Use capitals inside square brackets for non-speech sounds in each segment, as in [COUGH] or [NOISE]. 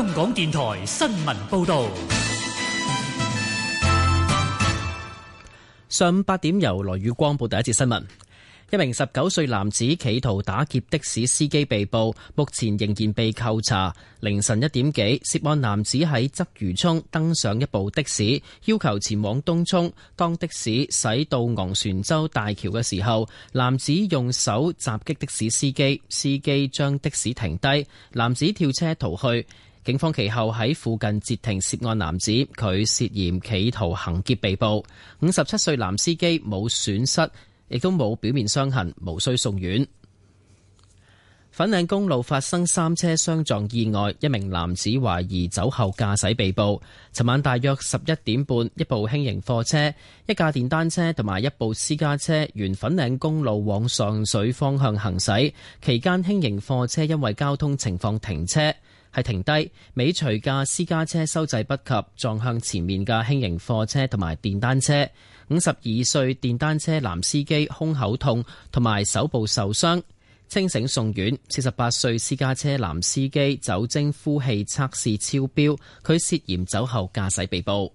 香港電台新聞報道，上午八點由羅宇光報第一節新聞。一名十九歲男子企圖打劫的士司機被捕，目前仍然被扣查。凌晨一點幾，涉案男子喺鰂魚涌登上一部的士，要求前往東涌。當的士駛到昂船洲大橋嘅時候，男子用手襲擊的士司機，司機將的士停低，男子跳車逃去。警方其後喺附近截停涉案男子，佢涉嫌企圖行劫被捕。五十七歲男司機冇損失，亦都冇表面傷痕，無需送院。粉嶺公路發生三車相撞意外，一名男子懷疑酒後駕駛被捕。尋晚大約十一點半，一部輕型貨車、一架電單車同埋一部私家車沿粉嶺公路往上水方向行駛，期間輕型貨車因為交通情況停車。係停低，尾隨架私家車收掣不及，撞向前面嘅輕型貨車同埋電單車。五十二歲電單車男司機胸口痛同埋手部受傷，清醒送院。四十八歲私家車男司機酒精呼氣測試超標，佢涉嫌酒後駕駛被捕。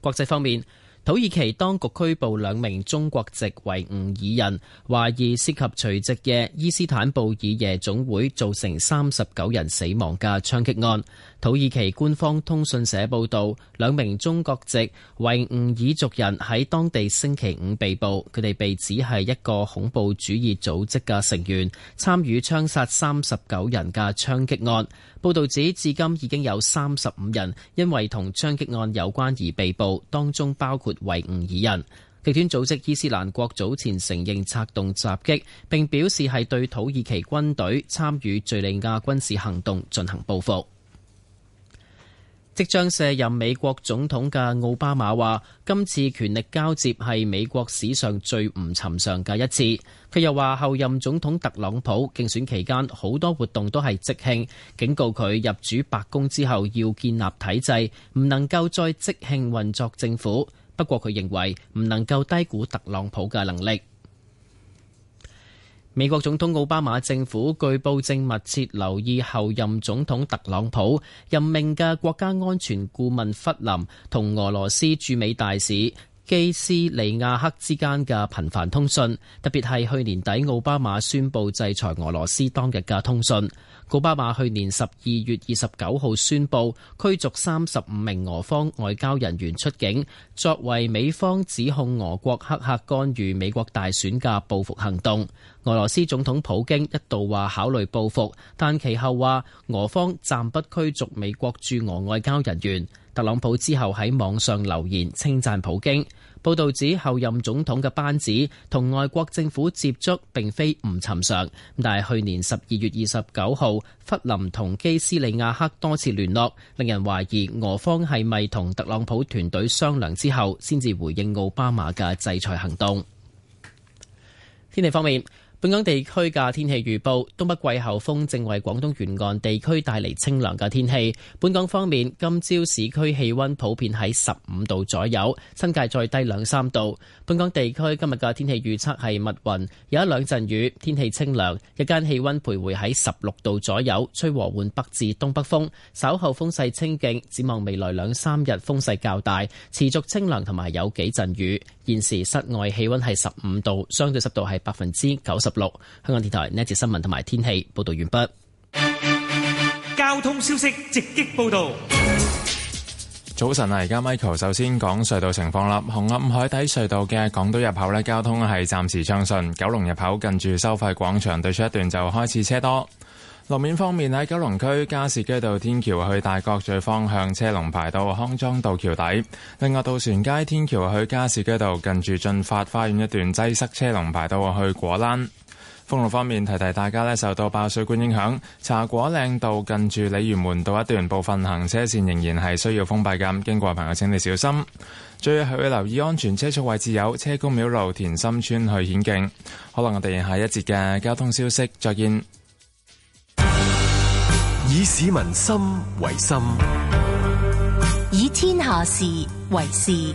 國際方面。土耳其當局拘捕兩名中國籍維吾爾人，懷疑涉及除夕夜伊斯坦布爾夜總會造成三十九人死亡嘅槍擊案。土耳其官方通訊社報道，兩名中國籍維吾爾族人喺當地星期五被捕，佢哋被指係一個恐怖主義組織嘅成員，參與槍殺三十九人嘅槍擊案。報道指，至今已經有三十五人因為同槍擊案有關而被捕，當中包括維吾爾人。極端組織伊斯蘭國早前承認策動襲擊，並表示係對土耳其軍隊參與敘利亞軍事行動進行報復。即將卸任美國總統嘅奧巴馬話：今次權力交接係美國史上最唔尋常嘅一次。佢又話，候任總統特朗普競選期間好多活動都係即興，警告佢入主白宮之後要建立體制，唔能夠再即興運作政府。不過佢認為唔能夠低估特朗普嘅能力。美國總統奧巴馬政府據報正密切留意候任總統特朗普任命嘅國家安全顧問弗林同俄羅斯駐美大使。基斯利亞克之間嘅頻繁通訊，特別係去年底奧巴馬宣布制裁俄羅斯當日嘅通訊。奧巴馬去年十二月二十九號宣布驅逐三十五名俄方外交人員出境，作為美方指控俄國黑客干預美國大選嘅報復行動。俄羅斯總統普京一度話考慮報復，但其後話俄方暫不驅逐美國駐俄外交人員。特朗普之後喺網上留言稱讚普京。報道指後任總統嘅班子同外國政府接觸並非唔尋常。但係去年十二月二十九號，弗林同基斯利亞克多次聯絡，令人懷疑俄方係咪同特朗普團隊商量之後先至回應奧巴馬嘅制裁行動。天氣方面。本港地區嘅天氣預報，東北季候風正為廣東沿岸地區帶嚟清涼嘅天氣。本港方面，今朝市區氣溫普遍喺十五度左右，新界再低兩三度。本港地區今日嘅天氣預測係密雲，有一兩陣雨，天氣清涼日間氣溫徘徊喺十六度左右，吹和緩北至東北風，稍後風勢清勁。展望未來兩三日風勢較大，持續清涼同埋有幾陣雨。現時室外氣溫係十五度，相對濕度係百分之九十。六香港電台呢一節新聞同埋天氣報道完畢。交通消息直擊報道。早晨啊，而家 Michael 首先講隧道情況啦。紅磡海底隧道嘅港島入口呢，交通係暫時暢順；九龍入口近住收費廣場對出一段就開始車多。路面方面喺九龍區加士居道天橋去大角咀方向，車龍排到康莊道橋底；另外，渡船街天橋去加士居道近住進發花園一段擠塞車龍，車龍排到去果欄。公路方面，提提大家咧，受到爆水管影響，茶果嶺道近住鯉魚門道一段部分行車線仍然係需要封閉嘅，經過嘅朋友請你小心。最後要留意安全車速位置有車公廟路、田心村去顯徑。好啦，我哋下一節嘅交通消息再見。以市民心為心，以天下事為事。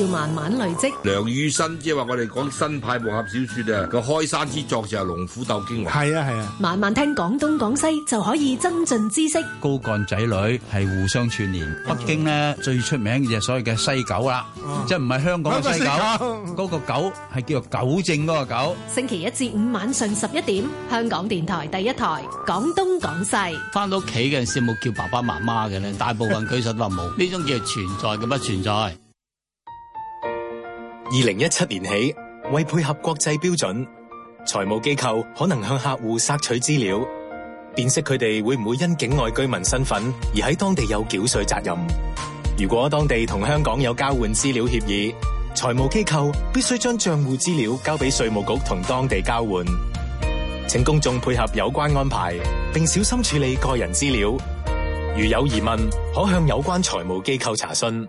要慢慢累積。梁羽生即係話：我哋講新派武俠小說啊，個開山之作就係《龍虎鬥京華》。係啊，係啊。慢慢聽廣東廣西就可以增進知識。高幹仔女係互相串連。啊、北京咧最出名嘅就係所謂嘅西糾啦，啊、即係唔係香港嘅西九？嗰、啊、個糾係叫做糾正嗰個糾。星期一至五晚上十一點，香港電台第一台廣東廣西。返到屋企嗰陣時冇叫爸爸媽媽嘅咧，大部分據實都話冇。呢 [LAUGHS] 種叫存在嘅不存在。二零一七年起，為配合國際標準，財務機構可能向客戶索取資料，辨識佢哋會唔會因境外居民身份而喺當地有繳稅責任。如果當地同香港有交換資料協議，財務機構必須將賬戶資料交畀稅務局同當地交換。請公眾配合有關安排，並小心處理個人資料。如有疑問，可向有關財務機構查詢。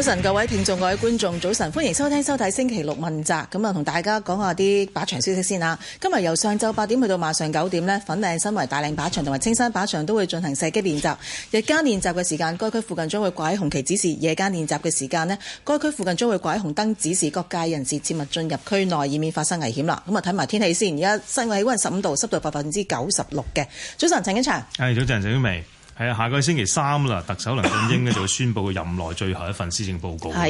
早晨，各位聽眾、各位觀眾，早晨，歡迎收聽、收睇星期六問責。咁啊，同大家講下啲靶場消息先啦。今日由上晝八點去到晚上九點咧，粉嶺、新圍、大嶺靶場同埋青山靶場都會進行射擊練習。日間練習嘅時間，該區附近將會掛喺紅旗指示；夜間練習嘅時間咧，該區附近將會掛喺紅燈指示，各界人士切勿進入區內，以免發生危險啦。咁啊，睇埋天氣先。而家室外氣溫十五度，濕度百分之九十六嘅。早晨，陳警長。係，早晨，陳曉薇。係啊，下個星期三啦，特首梁振英咧就會宣佈佢任內最後一份施政報告啦。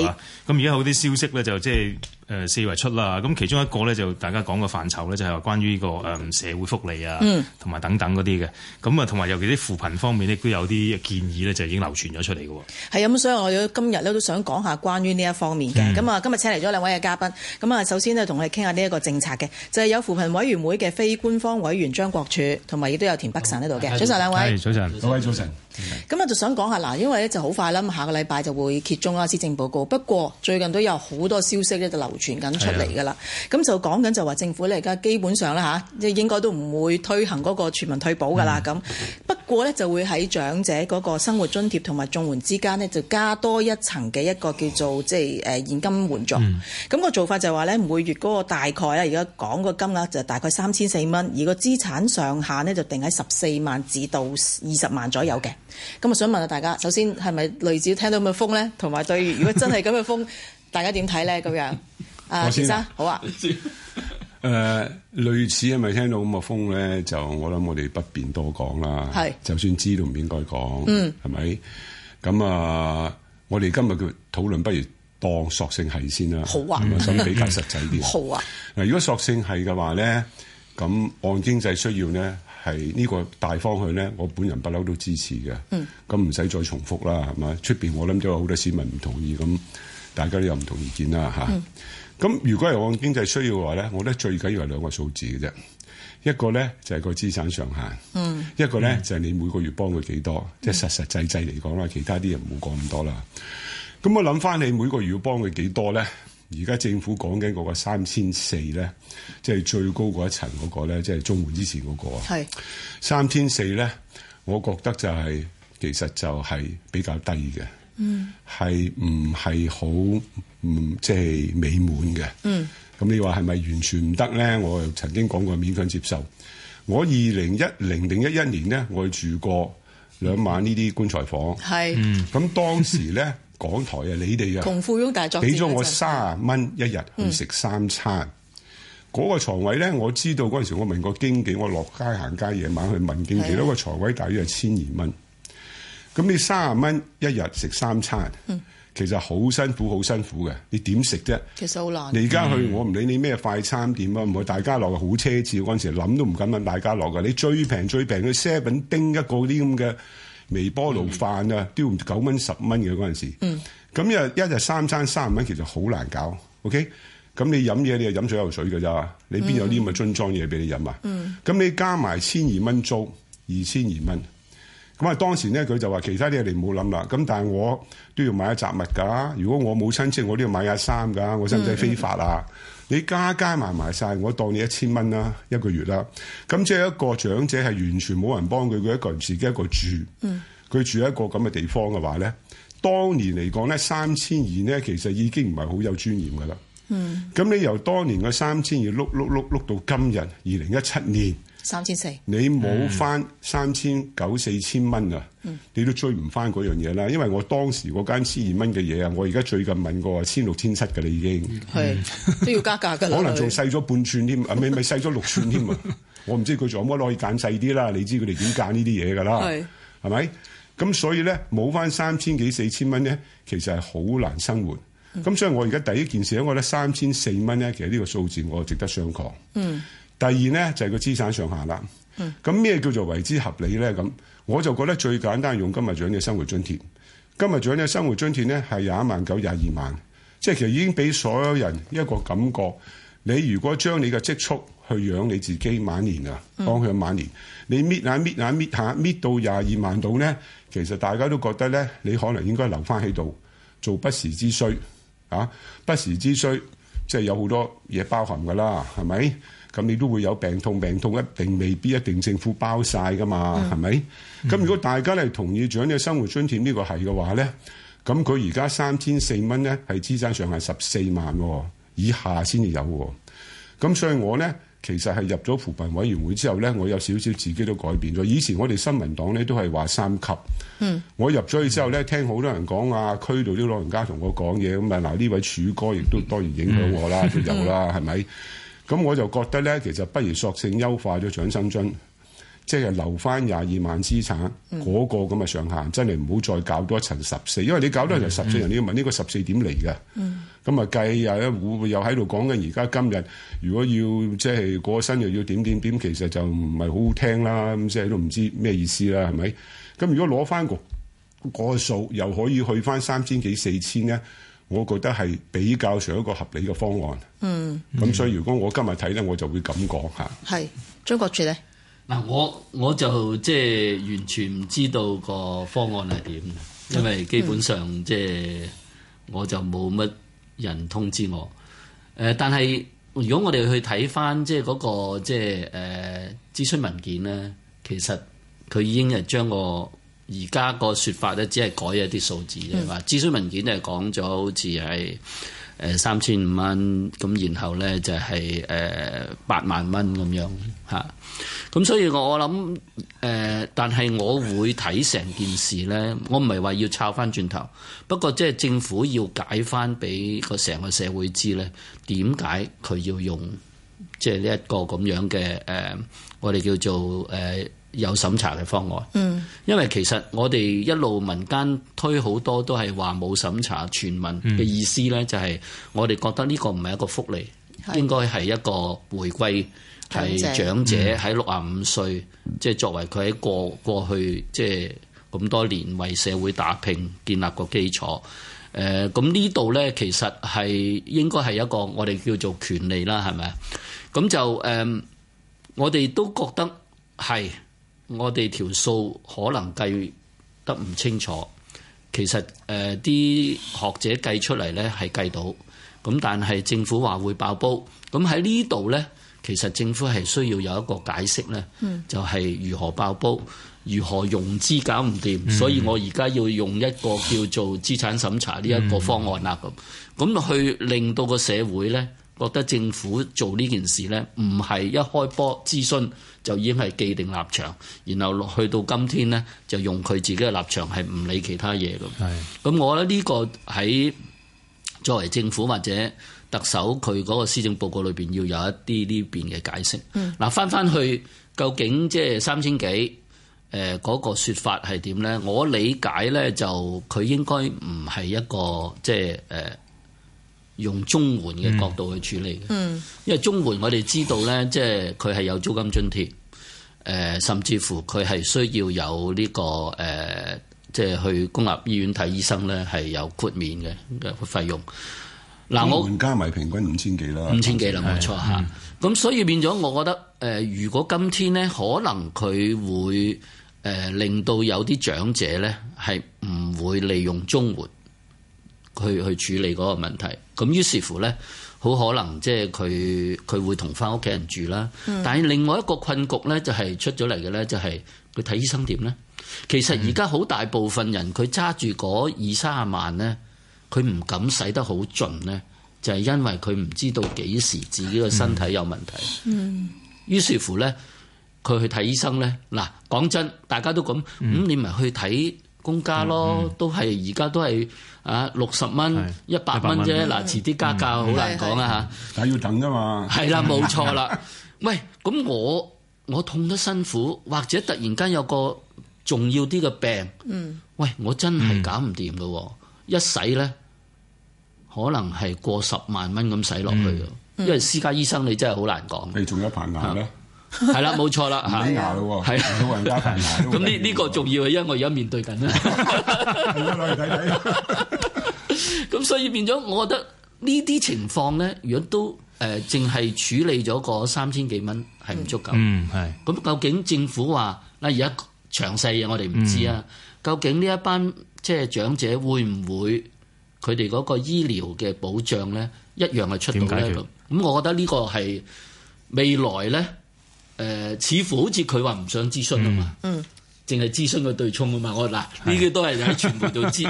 咁而家好啲消息咧，就即係，誒、呃、四圍出啦，咁其中一個咧就大家講嘅範疇咧，就係、是、話關於呢、這個誒、呃、社會福利啊，同埋、嗯、等等嗰啲嘅。咁啊，同埋尤其啲扶貧方面呢，都有啲建議咧，就已經流傳咗出嚟嘅。係啊，咁所以我今日咧都想講下關於呢一方面嘅。咁啊，今日請嚟咗兩位嘅嘉賓。咁啊，首先呢，同我哋傾下呢一個政策嘅，就係、是、有扶貧委員會嘅非官方委員張國柱，同埋亦都有田北辰喺度嘅。早晨兩位，早晨各位早晨。早晨早晨。咁、嗯嗯、我就想講下嗱，因為咧就好快啦，下個禮拜就會揭盅啦，施政報告。不過最近都有好多消息咧，就流傳緊出嚟㗎啦。咁的就講緊就話政府咧而家基本上啦嚇，即係應該都唔會推行嗰個全民退保㗎啦。咁、嗯、那不過咧就會喺長者嗰個生活津貼同埋綜援之間呢，就加多一層嘅一個叫做即係誒現金援助。咁、嗯、個做法就係話咧，每月嗰個大概啊，而家講個金額就大概三千四蚊，而個資產上限呢，就定喺十四萬至到二十萬左右嘅。咁我想問下大家，首先係咪類似聽到咁嘅風咧？同埋對，如果真係咁嘅風， [LAUGHS] 大家點睇咧？咁、呃、樣，啊，先生好啊。誒、 [LAUGHS] 呃，類似係咪聽到咁嘅風咧？就我諗我哋不便多講啦。係是。就算知道唔應該講。嗯。係咪？咁啊、呃，我哋今日嘅討論不如當索性係先啦。好啊。咁、嗯、比較實際啲。 [LAUGHS] 好啊。嗱，如果索性係嘅話咧，咁按經濟需要咧。係呢個大方向咧，我本人不嬲都支持嘅。咁唔使再重複啦，係嘛？出邊我諗都有好多市民唔同意，咁大家都有唔同意見啦吓？咁、嗯啊、如果係按經濟需要嘅話咧，我覺得最緊要係兩個數字嘅啫。一個咧就係、是、個資產上限，嗯、一個咧、嗯、就係你每個月幫佢幾多，嗯、即係實實際際嚟講啦。嗯、其他啲人唔好講咁多啦。咁我諗翻你每個月要幫佢幾多咧？而家政府講緊嗰個三千四咧，即係最高嗰一層嗰個咧，即係中滿之前嗰、那個啊。係三千四咧，3, 4，我覺得就係、是、其實就係比較低嘅，係唔係好唔即係美滿嘅？嗯，咁你話係咪完全唔得咧？我又曾經講過勉強接受。我二零一零零一一年咧，我住過兩晚呢啲棺材房。係、嗯，咁當時咧。 [LAUGHS] 港台啊，你哋啊，同窮富翁大作戰，俾咗我卅蚊一日去食三餐。嗰、嗯、個床位咧，我知道嗰陣時，我問過經紀，我落街行街夜晚去問經紀，幾多個床位大約千二蚊。咁、嗯、你卅蚊一日食三餐，嗯、其實好辛苦，好辛苦嘅。你點食啫？其實好難。你而家去，嗯、我唔理你咩快餐店啊，唔係大家樂去好奢侈嗰陣時，諗都唔敢問大家樂嘅。你最平最平去 seven 叮一個啲咁嘅。微波爐飯啊，都要九蚊十蚊嘅嗰陣時。嗯。咁、嗯、一日一日三餐三十蚊，其實好難搞。OK。咁你飲嘢，你係飲水有水㗎咋？你邊有啲咁嘅樽裝嘢俾你飲啊？嗯。咁你加埋千二蚊租，二千二蚊。咁啊，當時咧佢就話其他啲嘢你唔好諗啦。咁但係我都要買一雜物㗎。如果我冇親戚，我都要買下衫㗎。我使唔使非法啊？嗯嗯你加加埋埋晒，我當你一千蚊啦，一個月啦。咁即係一個長者係完全冇人幫佢，佢一個人自己一個住。嗯，佢住一個咁嘅地方嘅話咧，當年嚟講咧三千二咧，其實已經唔係好有尊嚴噶啦。嗯，咁你由當年嘅三千二碌碌碌碌到今日二零一七年。三千四，你冇翻三千九四千蚊啊，嗯、你都追唔翻嗰樣嘢啦。因為我當時嗰間千二蚊嘅嘢啊，我而家最近問過千六千七噶啦已經，係是、嗯、都要加價噶。可能仲細咗半寸添，咪咪細咗六寸添啊！我唔知佢仲做乜可以揀細啲啦。你知佢哋點揀呢啲嘢噶啦？係係咪？咁所以咧，冇翻三千幾四千蚊咧，其實係好難生活。咁、嗯、所以我而家第一件事咧，我覺得三千四蚊咧，其實呢個數字我值得商榷。嗯。第二咧就係個資產上下啦。咁咩、嗯、叫做為之合理咧？咁我就覺得最簡單係用今日獎嘅生活津貼。今日獎嘅生活津貼咧係廿一萬九廿二萬，即係其實已經俾所有人一個感覺。你如果將你嘅積蓄去養你自己晚年啊，當佢晚年，嗯、你搣下搣下搣下搣到廿二萬度咧，其實大家都覺得咧，你可能應該留翻喺度做不時之需啊。不時之需即係、就是、有好多嘢包含噶啦，係咪？咁你都會有病痛，病痛一定未必一定政府包晒㗎嘛，係咪、嗯？咁如果大家咧同意長者生活津貼呢個係嘅話咧，咁佢而家三千四蚊咧係資產上限十四萬、哦、以下先至有喎、哦。咁所以我咧其實係入咗扶貧委員會之後咧，我有少少自己都改變咗。以前我哋新聞黨咧都係話三級，嗯，我入咗去之後咧，聽好多人講啊，區度啲老人家同我講嘢咁啊，嗱呢位柱哥亦都當然影響我啦，都、嗯、有啦，係咪？ [LAUGHS] 咁我就覺得咧，其實不如索性優化咗長生津，即係留翻廿二萬資產嗰、嗯、個咁嘅上限，真係唔好再搞多層十四，因為你搞多層十四，人你要問呢個十四點嚟嘅。咁啊計啊，會唔會又喺度講緊，而家今日如果要即係嗰新又要點點點，其實就唔係好好聽啦。咁即係都唔知咩意思啦，係咪？咁如果攞翻、嗰個嗰、嗰個數，又可以去翻三千幾四千咧？我覺得係比較上一個合理嘅方案。嗯，咁所以如果我今日睇咧，我就會咁講嚇。係，張國柱咧，嗱、啊、我我就即係、呃、完全唔知道個方案係點，因為基本上即係、呃嗯呃、我就冇乜人通知我。誒、呃，但係如果我哋去睇翻即係嗰個即係誒諮詢文件咧，其實佢已經係將個。而家個説法咧，只係改一啲數字啫。話、嗯、諮詢文件咧講咗，好似係誒三千五蚊，咁然後咧就係誒八萬蚊咁樣吓。咁、嗯、所以我諗誒、呃，但係我會睇成件事咧，我唔係話要抄翻轉頭，不過即係政府要解翻俾個成個社會知咧，點解佢要用即係呢一個咁樣嘅誒、呃，我哋叫做誒，呃有審查嘅方案，嗯、因為其實我哋一路民間推好多都係話冇審查，全民嘅意思呢，就係我哋覺得呢個唔係一個福利，嗯、應該係一個回歸係的長者喺六啊五歲，即係、嗯、作為佢喺過過去即係咁多年為社會打拼建立個基礎。誒、呃，咁呢度呢，其實係應該係一個我哋叫做權利啦，係咪？咁就誒、呃，我哋都覺得係。我哋條數可能計得唔清楚，其實誒啲、呃、學者計出嚟呢係計到，咁但係政府話會爆煲，咁喺呢度呢，其實政府係需要有一個解釋呢，就係如何爆煲，如何融資搞唔掂，所以我而家要用一個叫做資產審查呢一個方案啦，咁咁去令到個社會呢，覺得政府做呢件事呢，唔係一開波諮詢。就已經係既定立場，然後落去到今天呢，就用佢自己嘅立場係唔理其他嘢咁。係咁是，我覺得呢個喺作為政府或者特首佢嗰個施政報告裏邊要有一啲呢邊嘅解釋。嗱、嗯，返返去究竟即係三千幾誒嗰個説法係點呢？我理解呢，就佢應該唔係一個即係誒。呃用綜援嘅角度去處理嘅，嗯、因為綜援我哋知道咧， [LAUGHS] 即係佢係有租金津貼，誒、呃，甚至乎佢係需要有呢、這個誒、呃，即係去公立醫院睇醫生咧係有豁免嘅費用。嗱，我加埋平均五千幾啦，我五千幾啦，冇錯嚇。咁、嗯、所以變咗，我覺得誒、呃，如果今天咧，可能佢會誒令到有啲長者咧係唔會利用綜援。去去處理嗰個問題，咁於是乎呢，好可能即係佢佢會同返屋企人住啦。但係另外一個困局呢，就係出咗嚟嘅呢，就係佢睇醫生點呢？其實而家好大部分人，佢揸住嗰二三十萬呢，佢唔敢使得好盡呢，就係、是、因為佢唔知道幾時自己個身體有問題。嗯嗯、於是乎呢，佢去睇醫生呢，嗱，講真，大家都咁，咁、嗯、你咪去睇。公家咯，都係而家都係啊六十蚊、一百蚊啫。嗱，遲啲加價好難講啊嚇。但係要等㗎嘛。係啦，冇錯啦。喂，咁我我痛得辛苦，或者突然間有個重要啲嘅病。嗯。喂，我真係搞唔掂噶喎，一洗咧可能係過十萬蚊咁洗落去啊。因為私家醫生你真係好難講。你仲有排眼咩？係啦，冇錯啦，係啦、嗯，咁呢呢個重要因，因為 [LAUGHS] 我而家面對緊啊、 [LAUGHS] [LAUGHS] 嗯，咁 [LAUGHS] 所以變咗，我覺得呢啲情況咧，如果都誒淨係處理咗個三千幾蚊，係唔足夠。嗯，係。咁究竟政府話嗱，而家詳細嘅我哋唔知啊。嗯、究竟呢一班即係長者會唔會佢哋嗰個醫療嘅保障咧，一樣係出到嚟？咁我覺得呢個係未來咧。誒、呃，似乎好似佢話唔想諮詢啊嘛，淨係諮詢個對沖啊嘛。我嗱呢啲都係喺傳媒度知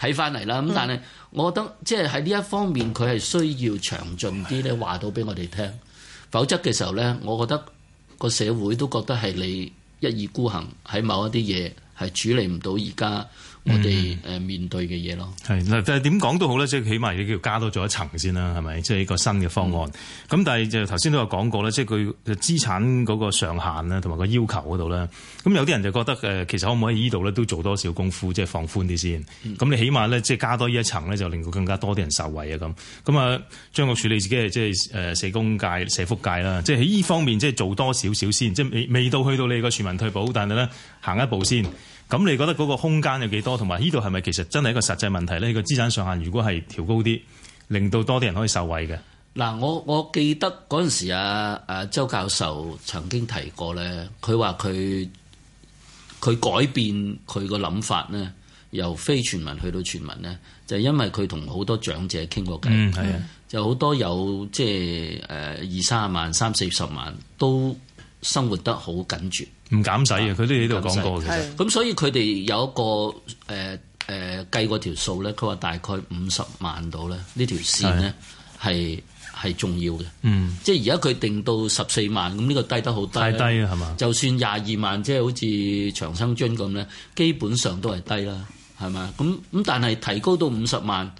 睇翻嚟啦。咁但係，我覺得， [LAUGHS] 我覺得即係喺呢一方面，佢係需要詳盡啲咧，話到俾我哋聽。否則嘅時候咧，我覺得個社會都覺得係你一意孤行喺某一啲嘢係處理唔到而家。我哋誒面對嘅嘢咯，係嗱、嗯，但係點講都好咧，即係起碼要叫加多咗一層先啦，係咪？即係一個新嘅方案。咁、嗯、但係就頭先都有講過咧，即係佢資產嗰個上限咧，同埋個要求嗰度啦。咁有啲人就覺得誒，其實可唔可以依度咧都做多少功夫，即係放寬啲先。咁、嗯、你起碼咧，即係加多呢一層咧，就令到更加多啲人受惠啊咁。咁啊，張國柱你自己係即係誒社工界、社福界啦，即係喺呢方面即係做多少少先，即係未未到去到你個全民退保，但係咧行一步先。咁你覺得嗰個空間有幾多？同埋呢度係咪其實真係一個實際問題呢？個資產上限如果係調高啲，令到多啲人可以受惠嘅。嗱，我我記得嗰陣時啊，啊，周教授曾經提過呢，佢話佢佢改變佢個諗法呢，由非全民去到全民呢，就因為佢同好多長者傾過偈。嗯，係啊，就好多有即係二三十萬、三四十萬都生活得好緊絕。唔減使嘅，佢、嗯、都喺度講過。其實咁，是所以佢哋有一個誒誒、呃呃、計嗰條數咧，佢話大概五十萬度咧，呢條線咧係係重要嘅。嗯，即係而家佢定到十四萬，咁呢個低得好低。太低啊，係嘛？就算廿二萬，即係好似長生津咁咧，基本上都係低啦，係嘛？咁咁，但係提高到五十萬，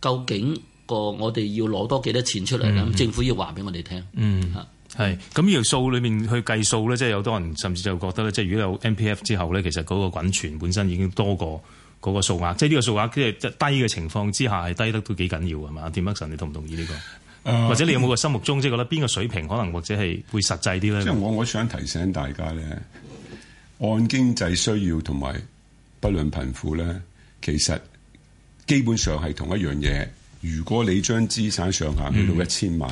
究竟個我哋要攞多幾多錢出嚟咧？嗯嗯、政府要話俾我哋聽。嗯。係，咁呢條數裏面去計數咧，即係有多人甚至就覺得咧，即係如果有 MPF 之後咧，其實嗰個滾存本身已經多過嗰個數額，即係呢個數額即係低嘅情況之下係低得都幾緊要係嘛？阿田先生，你同唔同意呢個？或者你有冇個心目中即係、呃、覺得邊個水平可能或者係會實際啲咧？即係我我想提醒大家咧，按經濟需要同埋不論貧富咧，其實基本上係同一樣嘢。如果你將資產上限去到一千萬，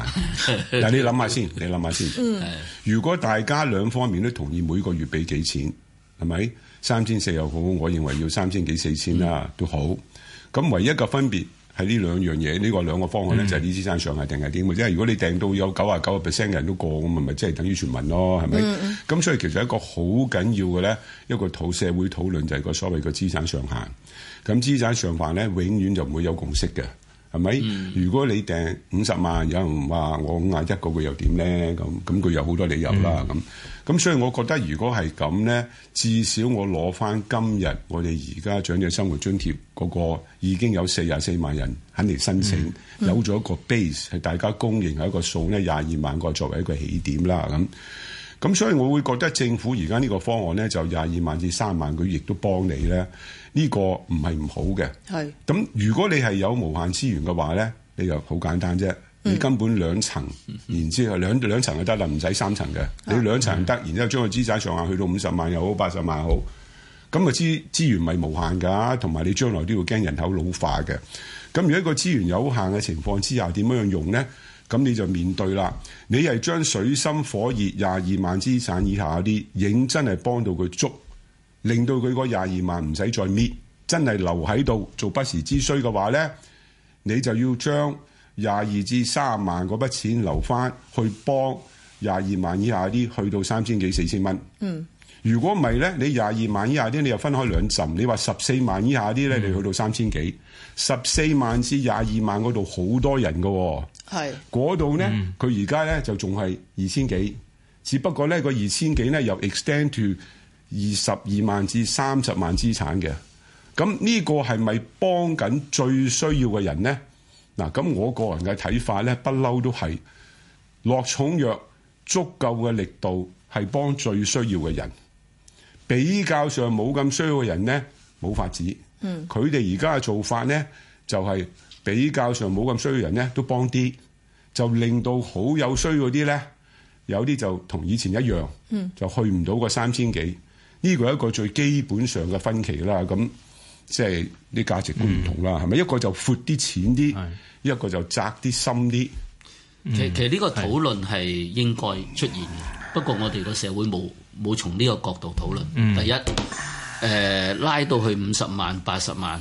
嗯、但係你諗下先，你諗下先。嗯、如果大家兩方面都同意每個月俾幾錢，係咪三千四又好，我認為要三千幾四千啦、嗯、都好。咁唯一嘅分別係呢兩樣嘢，呢個、嗯、兩個方案咧就係啲資產上限定係點？或者、嗯、如果你訂到有九啊九個 percent 嘅人都過咁，咪咪即係等於全民咯，係咪？咁、嗯、所以其實一個好緊要嘅咧，一個討社會討論就係個所謂嘅資產上限。咁資產上限咧，永遠就唔會有共識嘅。係咪？是是嗯、如果你訂五十萬，有人話我五壓一個個又點咧？咁咁佢有好多理由啦。咁咁、嗯、所以，我覺得如果係咁咧，至少我攞翻今日我哋而家長者生活津貼嗰個已經有四十四萬人肯定申請，嗯、有咗個 base 係大家公認係一個數咧，廿二萬個作為一個起點啦。咁咁所以，我會覺得政府而家呢個方案咧，就廿二萬至三萬，佢亦都幫你咧。呢個唔係唔好嘅，咁是如果你係有無限資源嘅話咧，你就好簡單啫。你根本兩層，嗯、然之後兩兩層就得啦，唔使三層嘅。啊、你兩層得，嗯、然之後將個資產上下去到五十萬又好，八十萬又好，咁啊資資源咪無限㗎。同埋你將來都要驚人口老化嘅。咁如果一個資源有限嘅情況之下，點樣樣用咧？咁你就面對啦。你係將水深火熱廿二萬資產以下啲，認真係幫到佢捉。令到佢嗰廿二萬唔使再搣，真係留喺度做不時之需嘅話咧，你就要將廿二至卅萬嗰筆錢留翻去，去幫廿二萬以下啲去到三千幾四千蚊。嗯，如果唔係咧，你廿二萬以下啲你又分開兩層。你話十四萬以下啲咧，你去到三千幾，十四、嗯、萬至廿二萬嗰度好多人㗎喎、哦。嗰度咧，佢而家咧就仲係二千幾，只不過咧個二千幾咧又 extend to。二十二萬至三十萬資產嘅，咁呢個係咪幫緊最需要嘅人咧？嗱、啊，咁我個人嘅睇法咧，不嬲都係落重藥，足夠嘅力度係幫最需要嘅人。比較上冇咁需要嘅人咧，冇法子。嗯，佢哋而家嘅做法咧，就係、係、比較上冇咁需要嘅人咧，都幫啲，就令到好有需要啲咧，有啲就同以前一樣，就去唔到個三千幾。呢個係一個最基本上嘅分歧啦，咁即係啲價值觀唔同啦，係咪，嗯？一個就闊啲淺啲，是一個就窄啲深啲。嗯、其實其實呢個討論係應該出現嘅，是不過我哋個社會冇冇從呢個角度討論。嗯、第一，誒、呃、拉到去五十萬八十萬，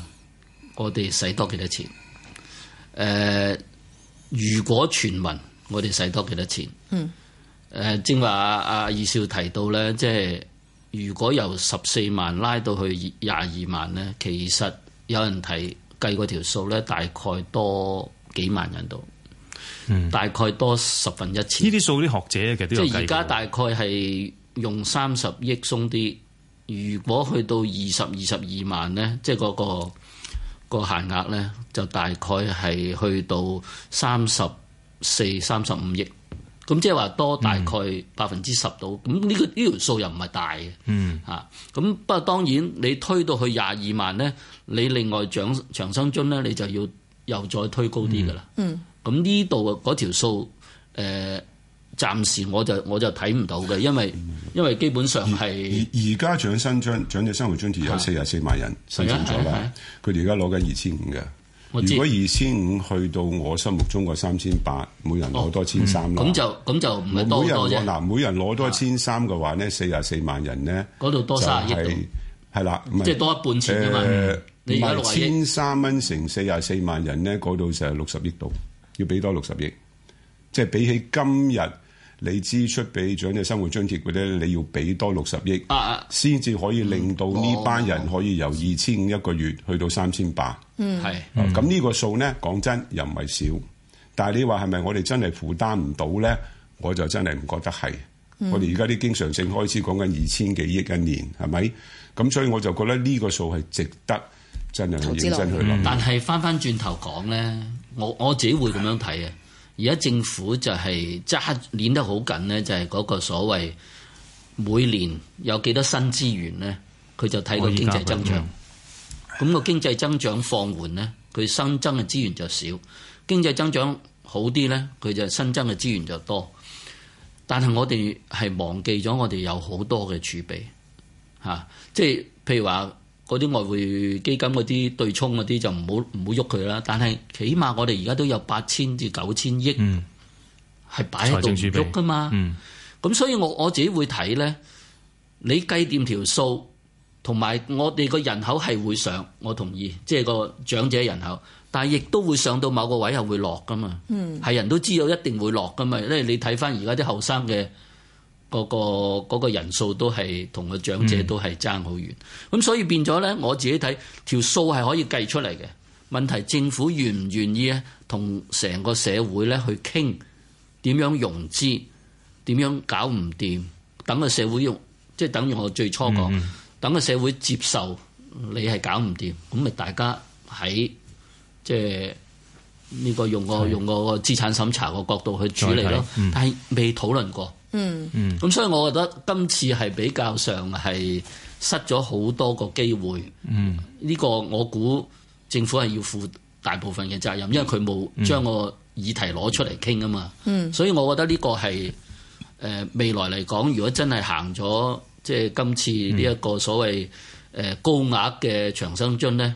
我哋使多幾多錢？誒、呃，如果全民，我哋使多幾多錢？誒、嗯，正話阿二少提到咧，即係。如果由十四萬拉到去廿二萬呢，其實有人睇計嗰條數咧，大概多幾萬人度，嗯，大概多十分一錢。呢啲數啲學者其實即係而家大概係用三十億鬆啲，如果去到二十二十二萬呢，即係、嗰、嗰、個嗰個限額呢，就大概係去到三十四、三十五億，咁即係話多大概百分之十到，咁呢個呢條數又唔係大嘅，嗯，啊，咁不過當然你推到去廿二萬咧，你另外長長生津咧，你就要又再推高啲㗎啦，嗯，咁呢度嗰條數誒、呃，暫時我就我就睇唔到嘅，因為因為基本上係而而家長生津長，長者生活津貼有四十四萬人申請咗啦，佢哋而家攞緊二千五嘅。如果二千五去到我心目中個三千八，每人攞多千三咁就咁就唔係多多啫。嗱、啊，每人攞多千三嘅話咧，四廿四萬人咧，嗰度多卅億度，係啦、就是，即係多一半錢啫嘛。呃、你而家六千三蚊乘四廿四萬人咧，嗰度就係六十億度，要俾多六十億，即係比起今日。你支出俾長者生活津貼嗰啲，你要俾多六十億，先至、啊、可以令到呢班人可以由二千五一個月去到三千八。嗯，係、嗯。咁呢、嗯、個數呢，講真又唔係少。但係你話係咪我哋真係負擔唔到呢？我就真係唔覺得係。嗯、我哋而家啲經常性開始講緊二千幾億一年，係咪？咁所以我就覺得呢個數係值得真係認真去諗。嗯、但係翻翻轉頭講呢，我我自己會咁樣睇啊。而家政府就係揸捏得好緊呢，就係嗰個所謂每年有幾多新資源呢，佢就睇個經濟增長。咁個經濟增長放緩呢，佢新增嘅資源就少；經濟增長好啲呢，佢就新增嘅資源就多。但係我哋係忘記咗，我哋有好多嘅儲備嚇、啊，即係譬如話。嗰啲外匯基金嗰啲對沖嗰啲就唔好唔好喐佢啦，但係起碼我哋而家都有八千至九千億係擺喺度喐噶嘛，咁、嗯、所以我我自己會睇咧，你計掂條數，同埋我哋個人口係會上，我同意，即係個長者人口，但係亦都會上到某個位係會落噶嘛，係、嗯、人都知道一定會落噶嘛，因為你睇翻而家啲後生嘅。嗰個嗰個人數都係同個長者都係爭好遠，咁、嗯、所以變咗咧，我自己睇條數係可以計出嚟嘅問題，政府願唔願意咧？同成個社會咧去傾點樣融資，點樣搞唔掂？等個社會用，即係等於我最初講，嗯嗯等個社會接受你係搞唔掂，咁咪大家喺即係呢個用個是用個個資產審查個角度去處理咯，是但係未討論過。嗯嗯嗯，咁所以我覺得今次係比較上係失咗好多個機會，嗯、呢個我估政府係要負大部分嘅責任，因為佢冇將個議題攞出嚟傾啊嘛，嗯、所以我覺得呢個係誒、呃、未來嚟講，如果真係行咗即係今次呢一個所謂誒高額嘅長生津咧。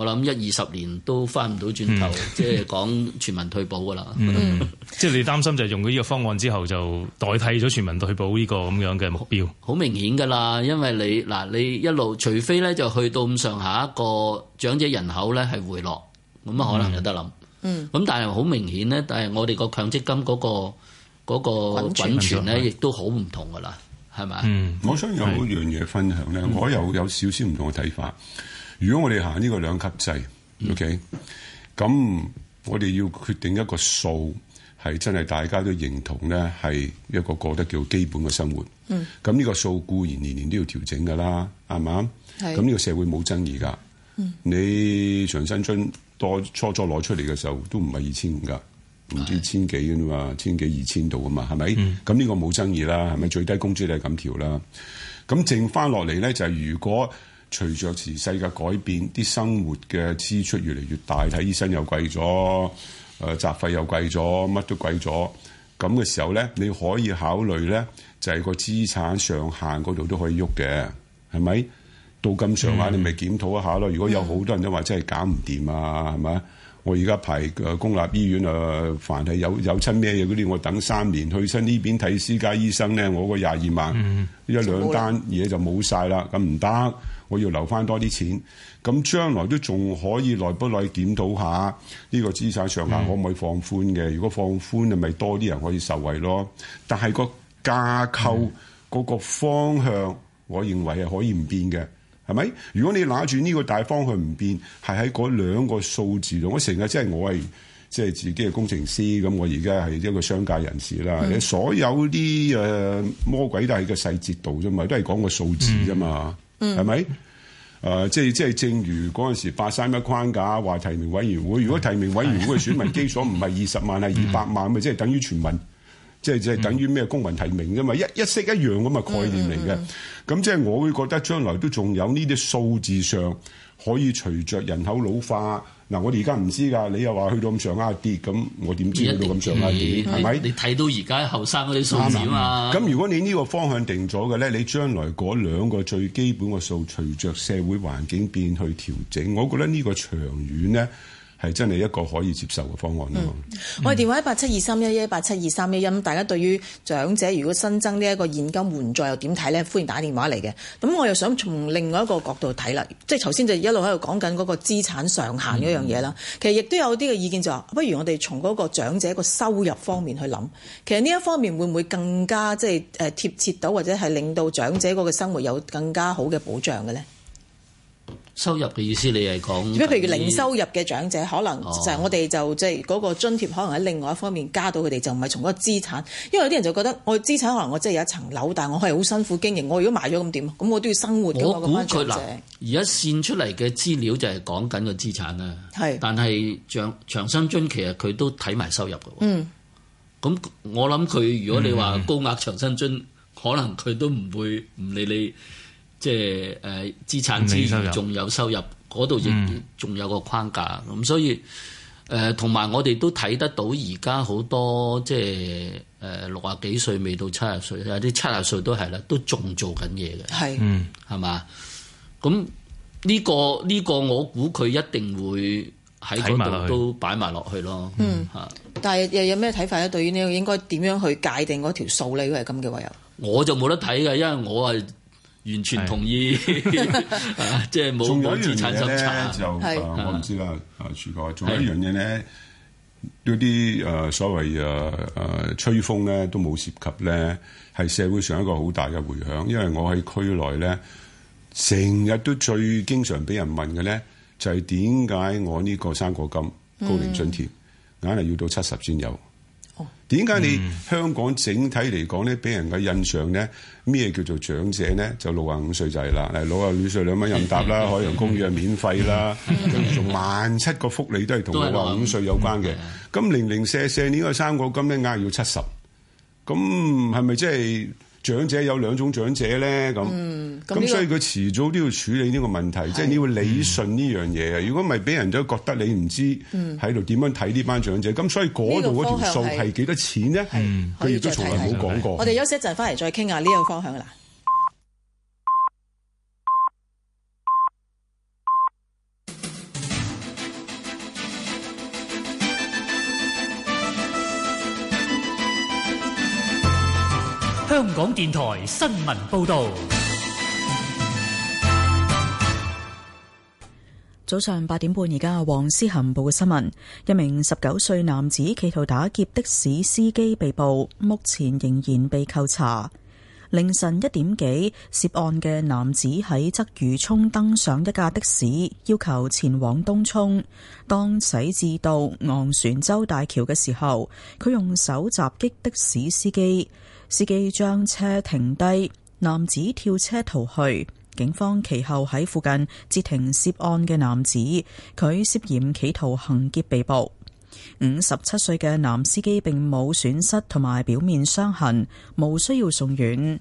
我諗一二十年都翻唔到轉頭，嗯、即係講全民退保噶啦。嗯、 [LAUGHS] 即係你擔心就係用咗呢個方案之後就代替咗全民退保呢個咁樣嘅目標。好、嗯、明顯噶啦，因為你嗱，你一路除非咧就去到咁上下一個長者人口咧係回落，咁可能有得諗。咁、嗯嗯、但係好明顯咧，但係我哋、個強積金嗰個嗰個滾存咧，亦都好唔同噶啦，係咪的？嗯的，我想有一樣嘢分享咧，的我又有少少唔同嘅睇法。如果我哋行呢個兩級制，OK，咁、嗯、我哋要決定一個數，係真係大家都認同咧，係一個過得叫基本嘅生活。嗯，咁呢個數固然年年都要調整噶啦，係嘛？係咁呢個社會冇爭議噶。嗯、你長新春多初初攞出嚟嘅時候都唔係二千五噶，唔知千幾噶嘛，是千幾二千度噶嘛，係咪？咁呢、嗯、個冇爭議啦，係咪最低工資你係咁調啦？咁剩翻落嚟咧就係、是、如果。隨着時世嘅改變，啲生活嘅支出越嚟越大，睇醫生又貴咗，誒、呃、雜費又貴咗，乜都貴咗。咁嘅時候咧，你可以考慮咧，就係、是、個資產上限嗰度都可以喐嘅，係咪？到咁上下，嗯、你咪檢討一下咯。如果有好多人都話真係搞唔掂啊，係咪啊？我而家排誒公立醫院啊、呃，凡係有有親咩嘢嗰啲，我等三年去親呢邊睇私家醫生咧，我個廿二萬一、嗯、兩單嘢就冇晒啦，咁唔得。我要留翻多啲錢，咁將來都仲可以耐不耐檢討下呢個資產上限可唔可以放寬嘅？的如果放寬，咪、就是、多啲人可以受惠咯。但係個架構嗰個方向，的我認為係可以唔變嘅，係咪？如果你攬住呢個大方向唔變，係喺嗰兩個數字度，我成日即係我係即係自己係工程師，咁我而家係一個商界人士啦。的你所有啲誒、呃、魔鬼都喺個細節度啫嘛，都係講個數字啫嘛。嗯嗯，係咪？誒、呃，即係即係，正如嗰陣時八三一框架話提名委員會，如果提名委員會嘅選民基礎唔係二十萬係二百萬，咪即係等於全民，即係即係等於咩公民提名嘅嘛，一一式一樣咁嘅概念嚟嘅。咁 [LAUGHS] 即係我會覺得將來都仲有呢啲數字上可以隨着人口老化。嗱、啊，我哋而家唔知㗎，你又話去到咁上下跌，咁我點知去到咁上下跌？係咪、嗯？係係你睇到而家後生嗰啲數字啊嘛。咁如果你呢個方向定咗嘅咧，你將來嗰兩個最基本嘅數，隨着社會環境變去調整，我覺得呢個長遠咧。係真係一個可以接受嘅方案、嗯嗯、我哋電話一八七二三一一，一八七二三一一。大家對於長者如果新增呢一個現金援助又點睇呢？歡迎打電話嚟嘅。咁我又想從另外一個角度睇啦，即係頭先就一路喺度講緊嗰個資產上限嗰樣嘢啦。嗯、其實亦都有啲嘅意見就話、係，不如我哋從嗰個長者個收入方面去諗。其實呢一方面會唔會更加即係誒貼切到，或者係令到長者個嘅生活有更加好嘅保障嘅呢？收入嘅意思你，你係講，如果譬如零收入嘅長者，哦、可能就係我哋就即係嗰個津貼，可能喺另外一方面加到佢哋，就唔係從嗰個資產。因為有啲人就覺得，我資產可能我真係有一層樓，但係我係好辛苦經營。我如果賣咗咁點啊？咁我都要生活嘅嗰班長者。我估佢，而家攤出嚟嘅資料就係講緊個資產啦。係是，但係長長生津其實佢都睇埋收入嘅。嗯，咁我諗佢如果你話高額長生津，嗯、可能佢都唔會唔理你。即係誒資產之外，仲有收入，嗰度亦仲有個框架。咁所以誒，同埋我哋都睇得到，而家好多即係誒六啊幾歲，未到七十歲，有啲七十歲都係啦，都仲做緊嘢嘅。係是，吧嗯，係嘛？咁呢個呢個，呢個、我估佢一定會喺嗰度都擺埋落去咯。去嗯，嚇是。但係又有咩睇法咧？對於呢個應該點樣去界定嗰條數咧？如果係咁嘅話，又、嗯、我就冇得睇嘅，因為我係。完全同意， [LAUGHS] 啊、即係冇冇資產審查。就我唔知啦，啊處長。仲有一樣嘢咧，啲誒所謂誒誒、呃、吹風咧都冇涉及咧，係社會上一個好大嘅迴響。因為我喺區內咧，成日都最經常俾人問嘅咧，就係點解我呢個生果金高齡津貼硬係要到七十先有？嗯嗯點解你、嗯、香港整體嚟講咧，俾人嘅印象咧，咩叫做長者咧？就六啊五歲仔啦，嚟攞啊六五歲兩蚊任搭啦，嗯、海洋公園啊免費啦，仲萬七個福利都係同六啊五歲有關嘅。咁、嗯嗯、零零舍舍呢個三個金咧，額要七十，咁係咪即係？長者有兩種長者咧，咁咁、嗯這個，所以佢遲早都要處理呢個問題，即係你要理順呢樣嘢啊！如果唔係，俾人都覺得你唔知喺度點樣睇呢班長者。咁、嗯、所以嗰度嗰條數係幾多錢咧？佢亦都從來冇講過。看看 okay. 我哋休息一陣，翻嚟再傾下呢個方向啦。香港電台新聞報道，早上八點半，而家黃思恒報嘅新聞：一名十九歲男子企圖打劫的士司機被捕，目前仍然被扣查。凌晨一點幾，涉案嘅男子喺鰂魚涌登上一架的士，要求前往東涌。當駛至到昂船洲大橋嘅時候，佢用手襲擊的士司機。司機將車停低，男子跳車逃去。警方其後喺附近截停涉案嘅男子，佢涉嫌企圖行劫被捕。五十七歲嘅男司機並冇損失同埋表面傷痕，無需要送院。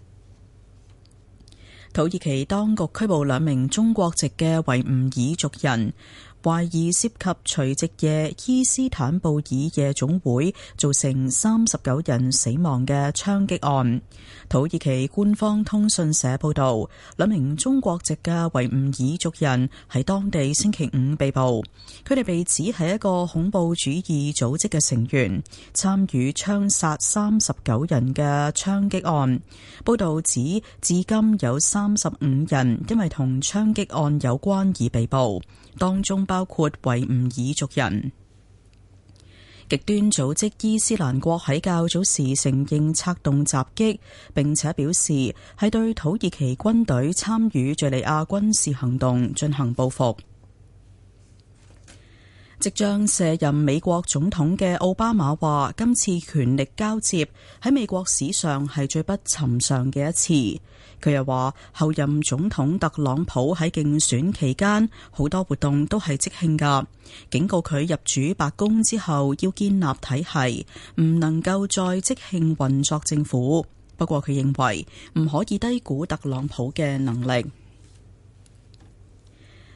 土耳其當局拘捕兩名中國籍嘅維吾爾族人。懷疑涉及除夕夜伊斯坦布爾夜總會造成三十九人死亡嘅槍擊案。土耳其官方通訊社報道，兩名中國籍嘅維吾爾族人喺當地星期五被捕，佢哋被指係一個恐怖主義組織嘅成員，參與槍殺三十九人嘅槍擊案。報道指，至今有三十五人因為同槍擊案有關而被捕。當中包括維吾爾族人，極端組織伊斯蘭國喺較早時承認策動襲擊，並且表示係對土耳其軍隊參與敘利亞軍事行動進行報復。即將卸任美國總統嘅奧巴馬話：今次權力交接喺美國史上係最不尋常嘅一次。佢又話，後任總統特朗普喺競選期間好多活動都係即興㗎，警告佢入主白宮之後要建立體系，唔能夠再即興運作政府。不過，佢認為唔可以低估特朗普嘅能力。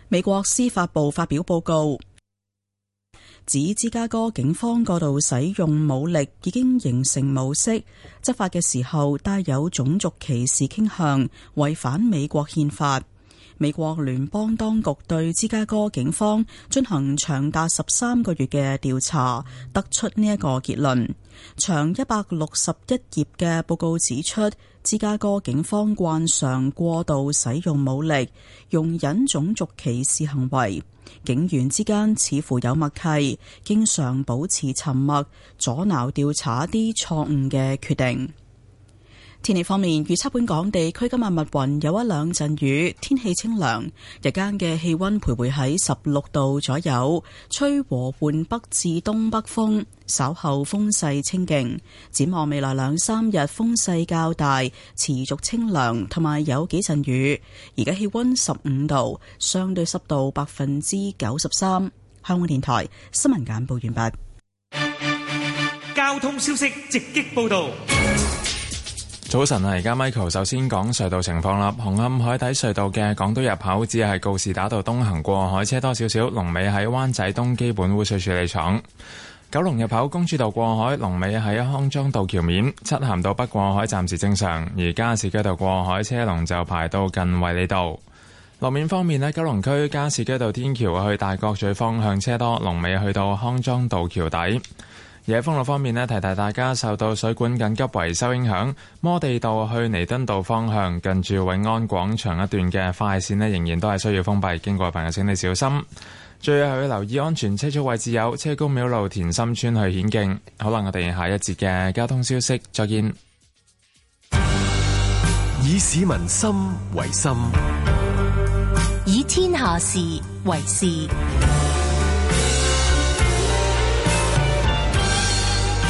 美國司法部發表報告。指芝加哥警方過度使用武力已經形成模式，執法嘅時候帶有種族歧視傾向，違反美國憲法。美國聯邦當局對芝加哥警方進行長達十三個月嘅調查，得出呢一個結論。長一百六十一頁嘅報告指出，芝加哥警方慣常過度使用武力，容忍種族歧視行為。警員之間似乎有默契，經常保持沉默，阻撓調查一啲錯誤嘅決定。天氣方面，預測本港地區今日密雲有一兩陣雨，天氣清涼，日間嘅氣溫徘徊喺十六度左右，吹和緩北至東北風，稍後風勢清勁。展望未來兩三日風勢較大，持續清涼同埋有幾陣雨。而家氣溫十五度，相對濕度百分之九十三。香港電台新聞簡報完畢。交通消息直擊報道。早晨啊！而家 Michael 首先講隧道情況啦。紅磡海底隧道嘅港島入口只係告士打道東行過海車多少少，龍尾喺灣仔東基本污水處理廠。九龍入口公主道過海龍尾喺康莊道橋面，漆咸道北過海暫時正常。而加士居道過海車龍就排到近衛理道。路面方面呢，九龍區加士居道天橋去大角咀方向車多，龍尾去到康莊道橋底。而喺封路方面呢，提提大家，受到水管緊急維修影響，摩地道去彌敦道方向近住永安廣場一段嘅快線呢，仍然都係需要封閉，經過嘅朋友請你小心。最後要留意安全車速位置有車公廟路、田心村去顯徑。好啦，我哋下一節嘅交通消息再見。以市民心為心，以天下事為事。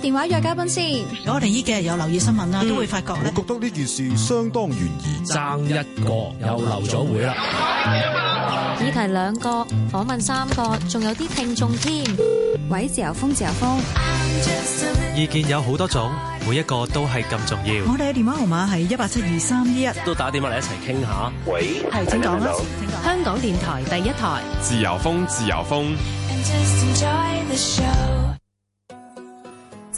電話約嘉賓先，我哋依幾日有留意新聞啦，都會發覺，我覺得呢件事相當懸疑，爭一個又漏咗會啦。議題兩個，訪問三個，仲有啲聽眾添。喂，自由風，自由風，意見有好多種，每一個都係咁重要。我哋嘅電話號碼係一八七二三一一，都打電話嚟，一齊傾下。喂，係的，請講啦。說香港電台第一台，自由風，自由風。And just enjoy the show.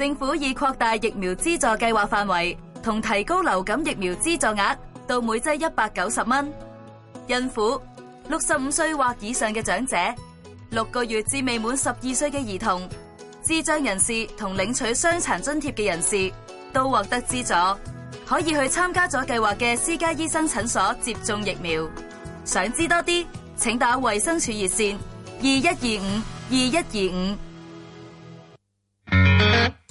政府已擴大疫苗資助計劃範圍，同提高流感疫苗資助額到每劑一百九十蚊。孕婦、六十五歲或以上嘅長者、六個月至未滿十二歲嘅兒童、智障人士同領取傷殘津貼嘅人士都獲得資助，可以去參加咗計劃嘅私家醫生診所接種疫苗。想知多啲，請打衛生署熱線二一二五二一二五。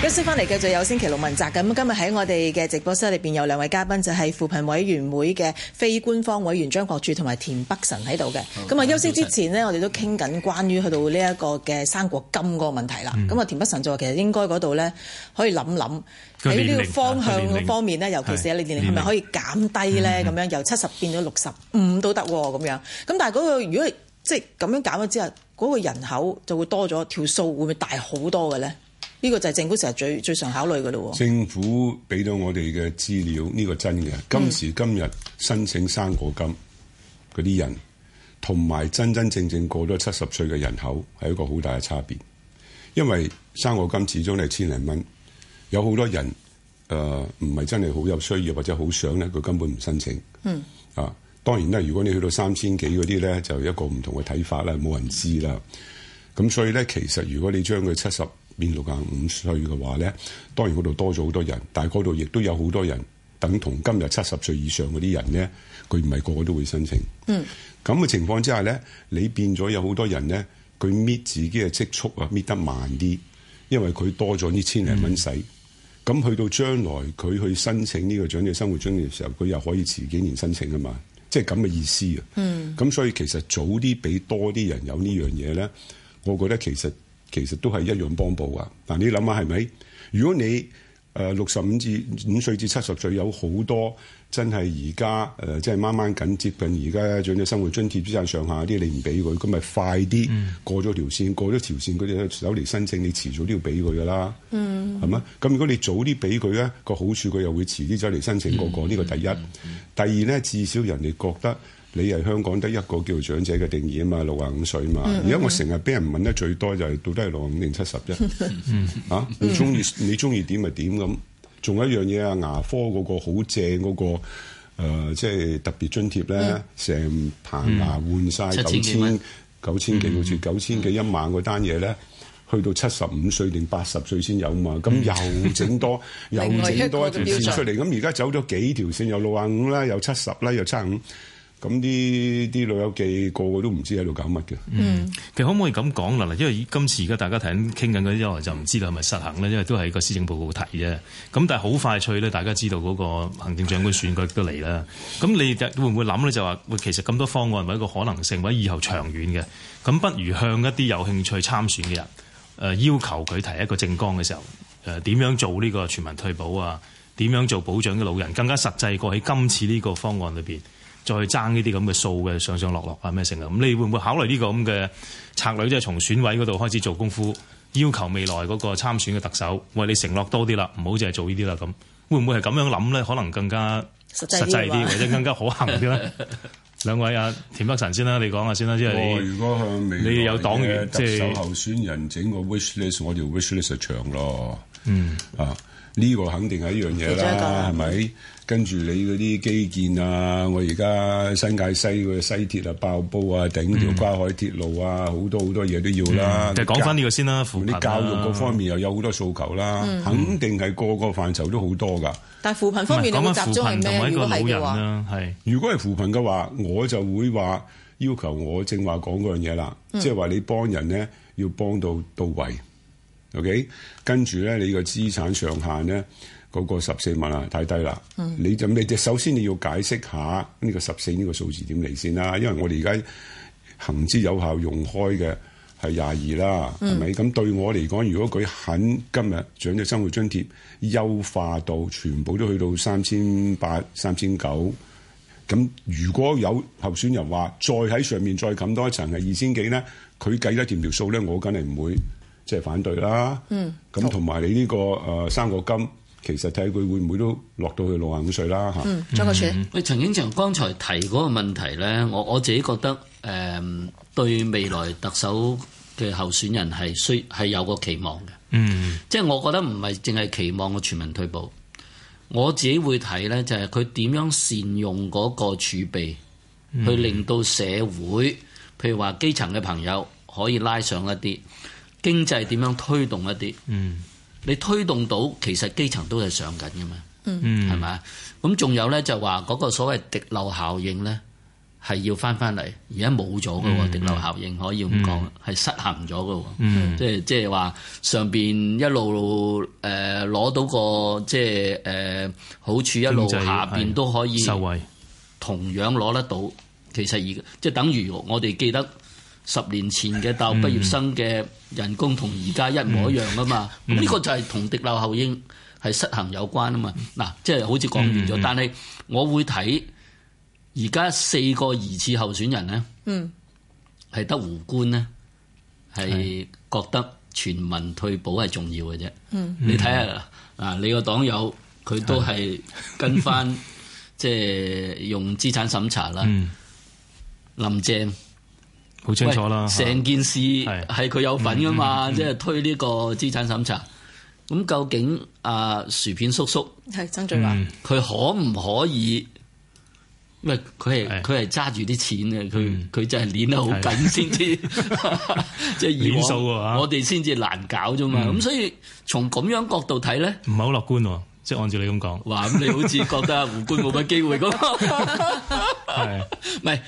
休息翻嚟，繼續有星期六問責。咁今日喺我哋嘅直播室裏邊有兩位嘉賓，就係扶貧委員會嘅非官方委員張國柱同埋田北辰喺度嘅。咁啊的，休息之前呢，的我哋都傾緊關於去到呢一個嘅生果金個問題啦。咁啊、嗯，田北辰就話，其實應該嗰度呢，可以諗諗喺呢個方向方面呢、啊，尤其是啊，你年齡係咪可以減低呢？咁樣、嗯、由七十變到六十五都得咁樣。咁但係嗰、嗰個如果即係咁樣減咗之後，嗰、嗰個人口就會多咗，條數會唔會大好多嘅呢？呢個就係政府成日最最常考慮噶咯。政府俾到我哋嘅資料呢、呢個真嘅。今時今日申請生果金嗰啲、嗯、人，同埋真真正正過咗七十歲嘅人口係一個好大嘅差別，因為生果金始終都係千零蚊。有好多人誒，唔係真係好有需要或者好想咧，佢根本唔申請。嗯啊，當然啦，如果你去到三千幾嗰啲咧，就一個唔同嘅睇法啦。冇人知啦。咁所以咧，其實如果你將佢七十。變六十五歲嘅話呢，當然嗰度多咗好多人，但係嗰度亦都有好多人，等同今日七十歲以上嗰啲人呢，佢唔係個個都會申請。嗯，咁嘅情況之下呢，你變咗有好多人呢，佢搣自己嘅積蓄啊，搣得慢啲，因為佢多咗啲千零蚊使。咁去、嗯、到將來佢去申請呢個長者生活津嘅時候，佢又可以遲幾年申請啊嘛，即係咁嘅意思啊。嗯，咁所以其實早啲俾多啲人有呢樣嘢呢，我覺得其實。其實都係一樣幫補㗎！嗱，你諗下係咪？如果你誒六十五至五歲至七十歲，有好多真係而家誒，即係掹掹緊接近而家仲有生活津貼之類上下啲，你唔俾佢，咁咪快啲過咗條線，過咗條線佢就走嚟申請，你遲早都要俾佢噶啦。嗯，係嗎？咁如果你早啲俾佢咧，個好處佢又會遲啲走嚟申請個，個個呢個第一。第二咧，至少人哋覺得。你係香港得一個叫長者嘅定義啊嘛，六十五歲嘛。而家我成日俾人問得最多就係、是、到底係六十五定七十一啊？你中意你中意點咪點咁。仲有一樣嘢啊，牙科嗰個好正嗰、那個、呃、即係特別津貼咧，成棚牙換晒九千九千幾，好似九千幾、嗯、幾萬一萬嗰單嘢咧，去到七十五歲定八十歲先有嘛？咁、嗯、又整多 [LAUGHS] 又整多一條線出嚟，咁而家走咗幾條線，有六十五啦，又七十啦，又七十五。咁呢啲老友記個個都唔知喺度搞乜嘅。嗯，其實可唔可以咁講啦？嗱，因為今次而家大家睇緊傾緊嗰啲，因為就唔知道係咪實行咧？因為都係個施政報告提啫。咁但係好快脆咧，大家知道嗰個行政長官選舉都嚟啦。咁 [LAUGHS] 你會唔會諗咧？就話其實咁多方案或者個可能性，或者以後長遠嘅，咁不如向一啲有興趣參選嘅人誒、呃，要求佢提一個政綱嘅時候誒，點、呃、樣做呢個全民退保啊？點樣做保障嘅老人更加實際過喺今次呢個方案裏邊。再去爭呢啲咁嘅數嘅上上落落啊咩成啊，咁你會唔會考慮呢個咁嘅策略，即係從選委嗰度開始做功夫，要求未來嗰個參選嘅特首，喂你承諾多啲啦，唔好淨係做呢啲啦咁，會唔會係咁樣諗咧？可能更加實際啲，或者更加可行啲咧？ [LAUGHS] 兩位啊，田北辰先啦，你講下先啦，即係如果向你有黨員即係候選人整個 wish list，、就是、我條 wish list 就長咯，嗯啊。呢個肯定係一樣嘢啦，係咪？跟住你嗰啲基建啊，我而家新界西嘅西鐵啊爆煲啊，頂條跨海鐵路啊，好多好多嘢都要啦。就講翻呢個先啦。啲教育各方面又有好多訴求啦，肯定係個個範疇都好多㗎。但係扶貧方面你集中呢係咩嚟㗎？如果係扶貧嘅話，我就會話要求我正話講嗰樣嘢啦，即係話你幫人咧要幫到到位。O、okay? K，跟住咧，你個資產上限咧，嗰、那個十四萬啊，太低啦。嗯、你就咩？就首先你要解釋下呢、那個十四呢個數字點嚟先啦、啊。因為我哋而家行之有效用開嘅係廿二啦，係咪、嗯？咁對我嚟講，如果佢肯今日長者生活津貼優化到全部都去到三千八、三千九，咁如果有候選人話再喺上面再冚多一層係二千幾咧，佢計得條條數咧，我梗係唔會。即係反對啦，咁同埋你呢、這個誒、呃、三個金，其實睇佢會唔會都落到去六十五歲啦嚇。張國柱，喂，嗯、陳英祥，剛才提嗰個問題咧，我我自己覺得誒、嗯、對未來特首嘅候選人係需係有個期望嘅，嗯，即係我覺得唔係淨係期望個全民退保，我自己會睇咧就係佢點樣善用嗰個儲備去令到社會，譬如話基層嘅朋友可以拉上一啲。經濟點樣推動一啲？嗯，你推動到其實基層都係上緊嘅嘛。嗯，係咪？咁仲有咧就話嗰個所謂滴漏效應咧，係要翻翻嚟。而家冇咗嘅喎，嗯、滴漏效應可以咁講，係失衡咗嘅喎。嗯，即係即係話上邊一路誒攞、呃、到個即係誒好處，一路下邊都可以受惠，同樣攞得到。其實而即係等於我哋記得。十年前嘅大學畢業生嘅人工同而家一模一樣啊嘛，咁呢個就係同滴漏效應係失衡有關啊嘛。嗱、嗯，即係好似講完咗，嗯、但係我會睇而家四個疑似候選人咧，係、嗯、得胡官咧係覺得全民退保係重要嘅啫。嗯、你睇下嗱，嗯、你個黨友佢都係跟翻即係用資產審查啦。林鄭，林鄭，林鄭。好清楚啦，成件事係佢有份噶嘛，即係推呢個資產審查。咁究竟阿薯片叔叔係曾俊華，佢可唔可以？因佢係佢係揸住啲錢嘅，佢佢就係捻得好緊先知，即係我我哋先至難搞啫嘛。咁所以從咁樣角度睇咧，唔係好樂觀喎。即係按照你咁講，話咁你好似覺得胡官冇乜機會咁。係，唔係。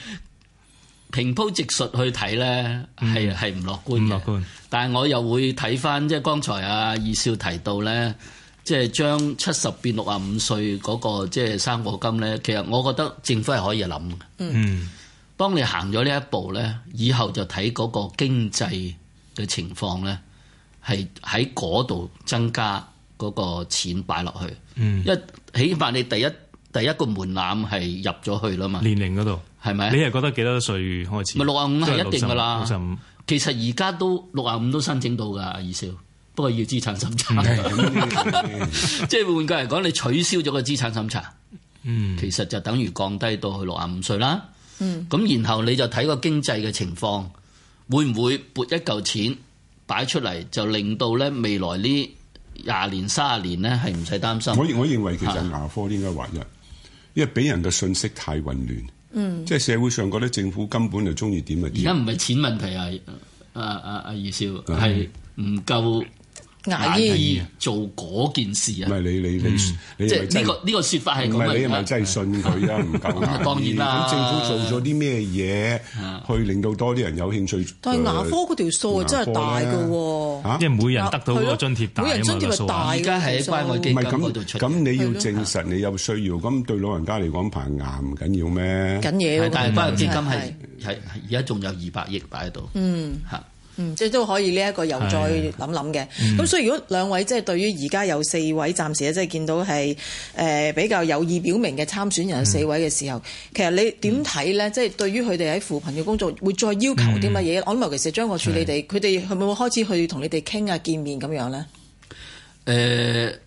平鋪直述去睇呢，係係唔樂觀嘅。唔樂觀，嗯，但係我又會睇翻，即係剛才阿，啊，二少提到呢，即係將七十變六十五歲嗰個即係生果金呢。其實我覺得政府係可以諗嘅。嗯，當你行咗呢一步呢，以後就睇嗰個經濟嘅情況呢，係喺嗰度增加嗰個錢擺落去。嗯，因為起碼你第一第一個門檻係入咗去啦嘛，年齡度。係咪？你係覺得幾多歲開始？咪六啊五係一定噶啦，六十五。其實而家都六啊五都申請到噶，二少。不過要資產審查， [LAUGHS] [LAUGHS] [LAUGHS] 即係換句嚟講，你取消咗個資產審查，嗯、其實就等於降低到去六啊五歲啦。咁、嗯、然後你就睇個經濟嘅情況，會唔會撥一嚿錢擺出嚟，就令到咧未來呢廿年、卅年咧係唔使擔心。我 [LAUGHS] 我認為其實牙科應該劃入，因為俾人嘅信息太混亂。嗯、即係社會上嗰啲政府根本就中意點啊！而家唔係錢問題啊，阿阿阿余少係唔夠。嗯牙醫做嗰件事啊！唔係你你你，即係呢個呢個説法係咁。你係咪真係信佢啊？唔敢。當然啦。政府做咗啲咩嘢，去令到多啲人有興趣？但係牙科嗰條數啊，真係大㗎喎嚇！即係每人得到嗰個津貼大咁啊！每人津貼係大。而家係關愛基金嗰度出。咁你要證實你有需要，咁對老人家嚟講，排牙唔緊要咩？緊嘢啊！但係關愛基金係係而家仲有二百億擺喺度。嗯嚇。即係都可以呢一個又再諗諗嘅。咁、嗯、所以如果兩位即係、就是、對於而家有四位暫時即係見到係誒、呃、比較有意表明嘅參選人有、嗯、四位嘅時候，其實你點睇呢？即係、嗯、對於佢哋喺扶貧嘅工作會再要求啲乜嘢？我諗、嗯、尤其是張國柱你哋，佢哋係咪會開始去同你哋傾啊、見面咁樣呢？誒、嗯，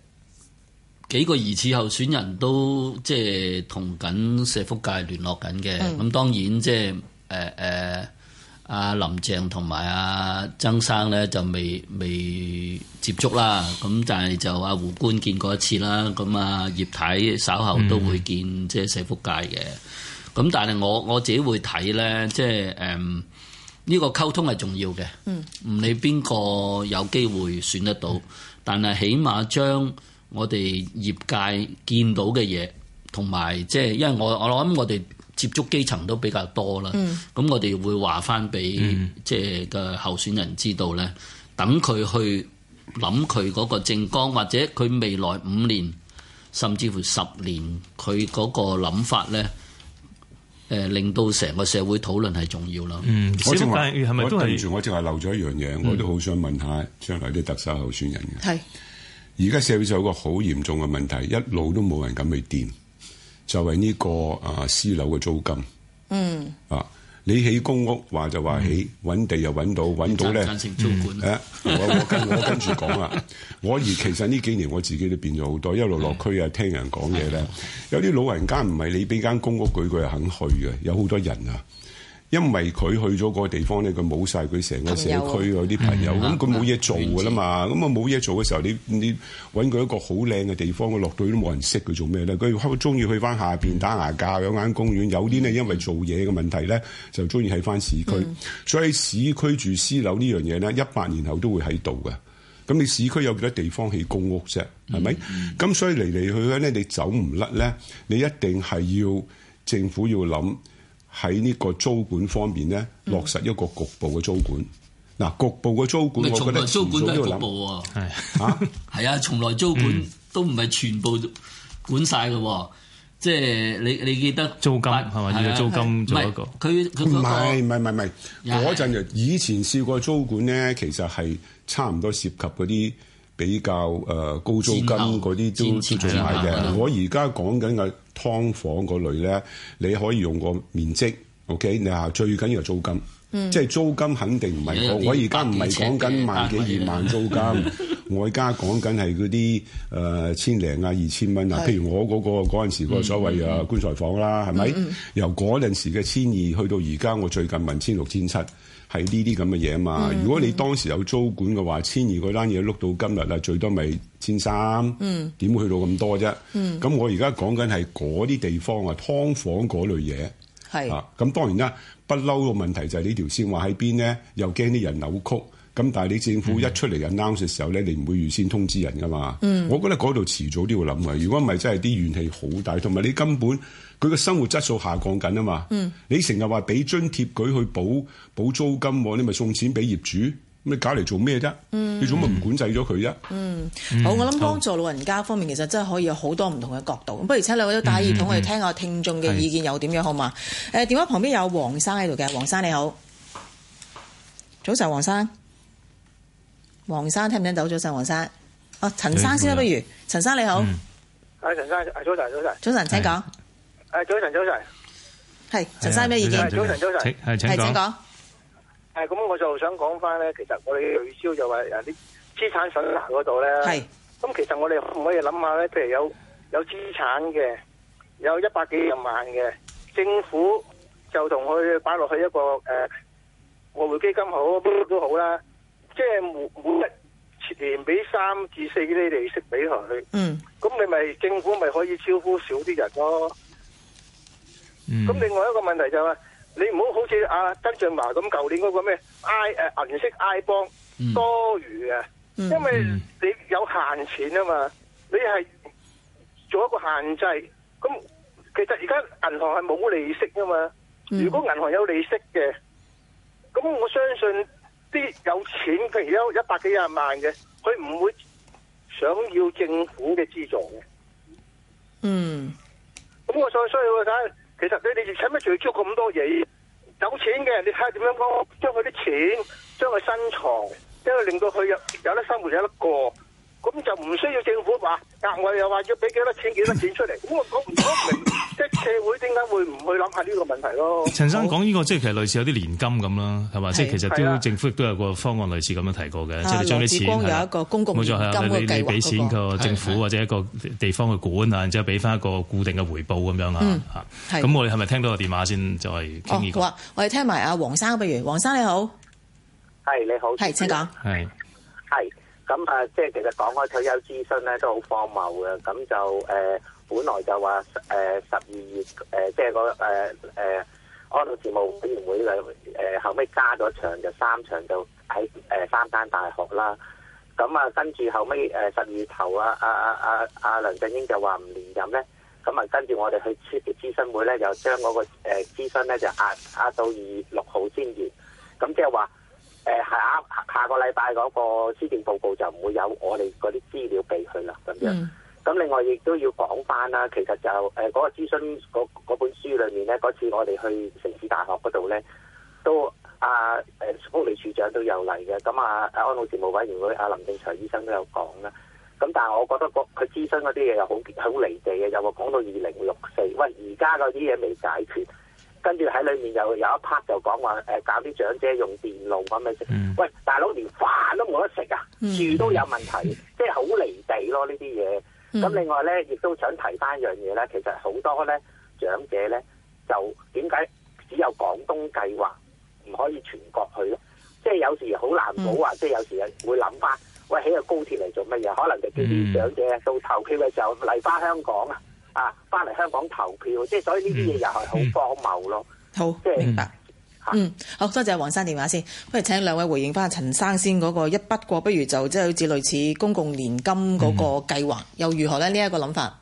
幾個疑似候選人都即係同緊社福界聯絡緊嘅。咁、嗯、當然即係誒誒。呃呃呃阿林鄭同埋阿曾生咧就未未接觸啦，咁但係就阿胡官見過一次啦，咁啊，葉太稍後都會見即係社福界嘅，咁、嗯、但係我我自己會睇咧，即係誒呢個溝通係重要嘅，唔理邊個有機會選得到，嗯、但係起碼將我哋業界見到嘅嘢同埋即係因為我我諗我哋。接觸基層都比較多啦，咁、嗯、我哋會話翻俾即係個候選人知道咧，嗯、等佢去諗佢嗰個政綱，或者佢未來五年甚至乎十年佢嗰個諗法咧，誒令到成個社會討論係重要咯。我正話，嗯、我正住我正話漏咗一樣嘢，我都好想問下將來啲特首候選人嘅。係而家社會就有個好嚴重嘅問題，一路都冇人敢去掂。就係呢個啊，私樓嘅租金，嗯啊，你起公屋話就話起，揾、嗯、地又揾到，揾、嗯、到咧，唔夠贊成租管，誒，我跟我跟住講啊， [LAUGHS] 我而其實呢幾年我自己都變咗好多，一路落區啊，聽人講嘢咧，嗯、有啲老人家唔係你俾間公屋佢，佢係肯去嘅，有好多人啊。因為佢去咗個地方咧，佢冇晒佢成個社區嗰啲朋友，咁佢冇嘢做㗎喇嘛，咁啊冇嘢做嘅時候，你你揾佢一個好靚嘅地方，佢落到都冇人識佢做咩咧。佢中意去返下邊打牙骹，有間公園。有啲咧因為做嘢嘅問題咧，就中意喺返市區。嗯、所以市區住私樓呢樣嘢咧，一百年後都會喺度嘅。咁你市區有幾多地方起公屋啫？係咪？咁、嗯嗯、所以嚟嚟去去咧，你走唔甩咧，你一定係要政府要諗。喺呢個租管方面咧，落實一個局部嘅租管。嗱，局部嘅租管，我覺得租管都係局部喎。係啊，係啊，從來租管都唔係全部管曬嘅。即係你你記得租金係咪？要租金做一個。佢佢唔係唔係唔係唔係，嗰陣啊，以前試過租管咧，其實係差唔多涉及嗰啲比較誒高租金嗰啲都做埋嘅。我而家講緊嘅。劏房嗰類咧，你可以用個面積，OK？你話最緊要係租金，嗯、即係租金肯定唔係我，嗯、我而家唔係講緊萬幾二萬、嗯啊、 [LAUGHS] 租金，我而家講緊係嗰啲誒千零啊二千蚊啊。嗯、譬如我嗰、嗰個嗰陣時個所謂啊棺材房啦，係咪？由嗰陣時嘅千二去到而家，我最近問千六千七。係呢啲咁嘅嘢啊嘛！如果你當時有租管嘅話，千二嗰單嘢碌到今日啊，最多咪千三，點會去到咁多啫？咁、嗯、我而家講緊係嗰啲地方是啊，劏房嗰類嘢啊，咁當然啦，不嬲嘅問題就係呢條線話喺邊咧，又驚啲人扭曲。咁但係你政府一出嚟就啱嘅時候咧，你唔會預先通知人㗎嘛？嗯，我覺得嗰度遲早都要諗啊。如果唔係，真係啲怨氣好大，同埋你根本佢嘅生活質素下降緊啊嘛。嗯，你成日話俾津貼佢去補補租金，你咪送錢俾業主，咁你搞嚟做咩啫？嗯，你做乜唔管制咗佢啫？嗯，好，我諗幫助老人家方面其實真係可以有好多唔同嘅角度。咁不如請兩位都戴耳筒，我哋聽下聽眾嘅意見有點樣好嘛？誒，電話旁邊有黃生喺度嘅，黃生你好，早晨黃生。黃生聽唔聽到？早晨，黃生。哦，陳生先啦，不如陳生你好。啊，陳生，嗯、生，早晨，早晨，早晨，請講。誒的，早晨，早晨，係陳生有咩意見？早晨，早晨，係請講。係咁，我就想講翻咧，其實我哋取消就話有啲資產審核嗰度咧。係的。咁其實我哋可唔可以諗下咧？譬如有有資產嘅，有一百幾萬嘅，政府就同佢擺落去一個誒外匯基金好都好啦。即係每每日年俾三至四啲利息俾佢，咁、嗯、你咪政府咪可以招呼少啲人咯、哦。咁、嗯、另外一個問題就係、是，你唔好好似阿曾俊華咁，舊年嗰個咩 I 誒銀色 I 幫多餘啊，因為你有限錢啊嘛，你係做一個限制。咁其實而家銀行係冇利息啊嘛，嗯、如果銀行有利息嘅，咁我相信。啲有錢譬如有一百幾廿萬嘅，佢唔會想要政府嘅資助嘅。嗯，咁我再需要睇，其實你哋使乜仲要捉咁多嘢？有錢嘅人，你睇下點樣講將佢啲錢將佢新藏，將佢令到佢有有得生活有得過，咁就唔需要政府話額外又話要俾幾多錢幾多錢出嚟。咁我講唔講明？會唔會諗下呢個問題咯？陳生講呢個即係其實類似有啲年金咁啦，係嘛？即係其實都政府亦都有個方案類似咁樣提過嘅，即係你將啲錢有一個公共，冇錯，係啊，你你俾錢個政府或者一個地方嘅管啊，然之後俾翻一個固定嘅回報咁樣啊。咁我哋係咪聽到個電話先再傾呢？好啊，我哋聽埋阿黃生不如，黃生你好，係你好，係請講，係咁啊，即係其實講開退休諮詢咧都好荒謬嘅，咁就誒。本來就話誒十二月誒，即係個誒誒安陸事務委員會嚟誒，後尾加咗場就三場，就喺誒三間大學啦。咁啊，跟住後尾誒十二月頭啊，阿阿阿阿梁振英就話唔連任咧。咁啊，跟住我哋去諮詢會咧，就將嗰個誒諮詢咧就壓壓到二月六號先完。咁即係話誒，下下個禮拜嗰個施政報告就唔會有我哋嗰啲資料俾佢啦。咁樣。咁另外亦都要講翻啦，其實就誒嗰、呃那個諮詢嗰本書裏面咧，嗰次我哋去城市大學嗰度咧，都阿誒、啊、福利署長都有嚟嘅，咁、啊、阿安老事務委員會阿、啊、林正財醫生都有講啦。咁、啊、但係我覺得個佢諮詢嗰啲嘢又好好離地嘅，又話講到二零六四，喂而家嗰啲嘢未解決，跟住喺裏面又有一 part 就講話誒搞啲長者用電腦咁樣食，嗯、喂大佬連飯都冇得食啊，嗯、住都有問題，即係好離地咯呢啲嘢。咁、嗯、另外咧，亦都想提翻一樣嘢咧。其實好多咧長者咧，就點解只有廣東計劃唔可以全國去咧？即係有時好難保啊！嗯、即係有時啊，會諗翻，喂，起個高鐵嚟做乜嘢？可能就叫啲長者到投票嘅時候嚟翻香港啊，啊，翻嚟香港投票。即係所以呢啲嘢又係好荒謬咯。好，明白。嗯，好多謝黃生電話先，不如請兩位回應返陳生先嗰個一筆過，不如就即係好似類似公共年金嗰個計劃，又如何呢？呢一、嗯、個諗法，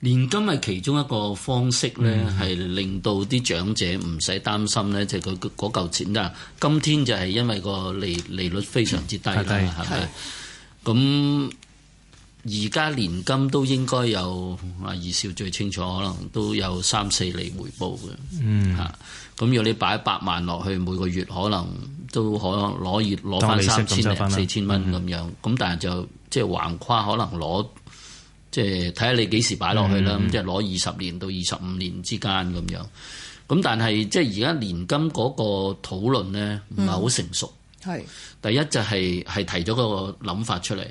年金係其中一個方式，呢係令到啲長者唔使擔心，呢即係佢嗰嚿錢啊，今天就係因為個利利率非常之低，係咪？咁而家年金都應該有，阿二少最清楚，可能都有三四厘回報嘅。嗯，嚇，咁如果你擺一百萬落去，每個月可能都可攞月攞翻三千零四千蚊咁樣。咁、嗯、但係就即係橫跨可能攞，就是看看嗯、即係睇下你幾時擺落去啦。咁即係攞二十年到二十五年之間咁樣。咁但係即係而家年金嗰個討論咧，唔係好成熟。係、嗯，第一就係、係、係提咗個諗法出嚟。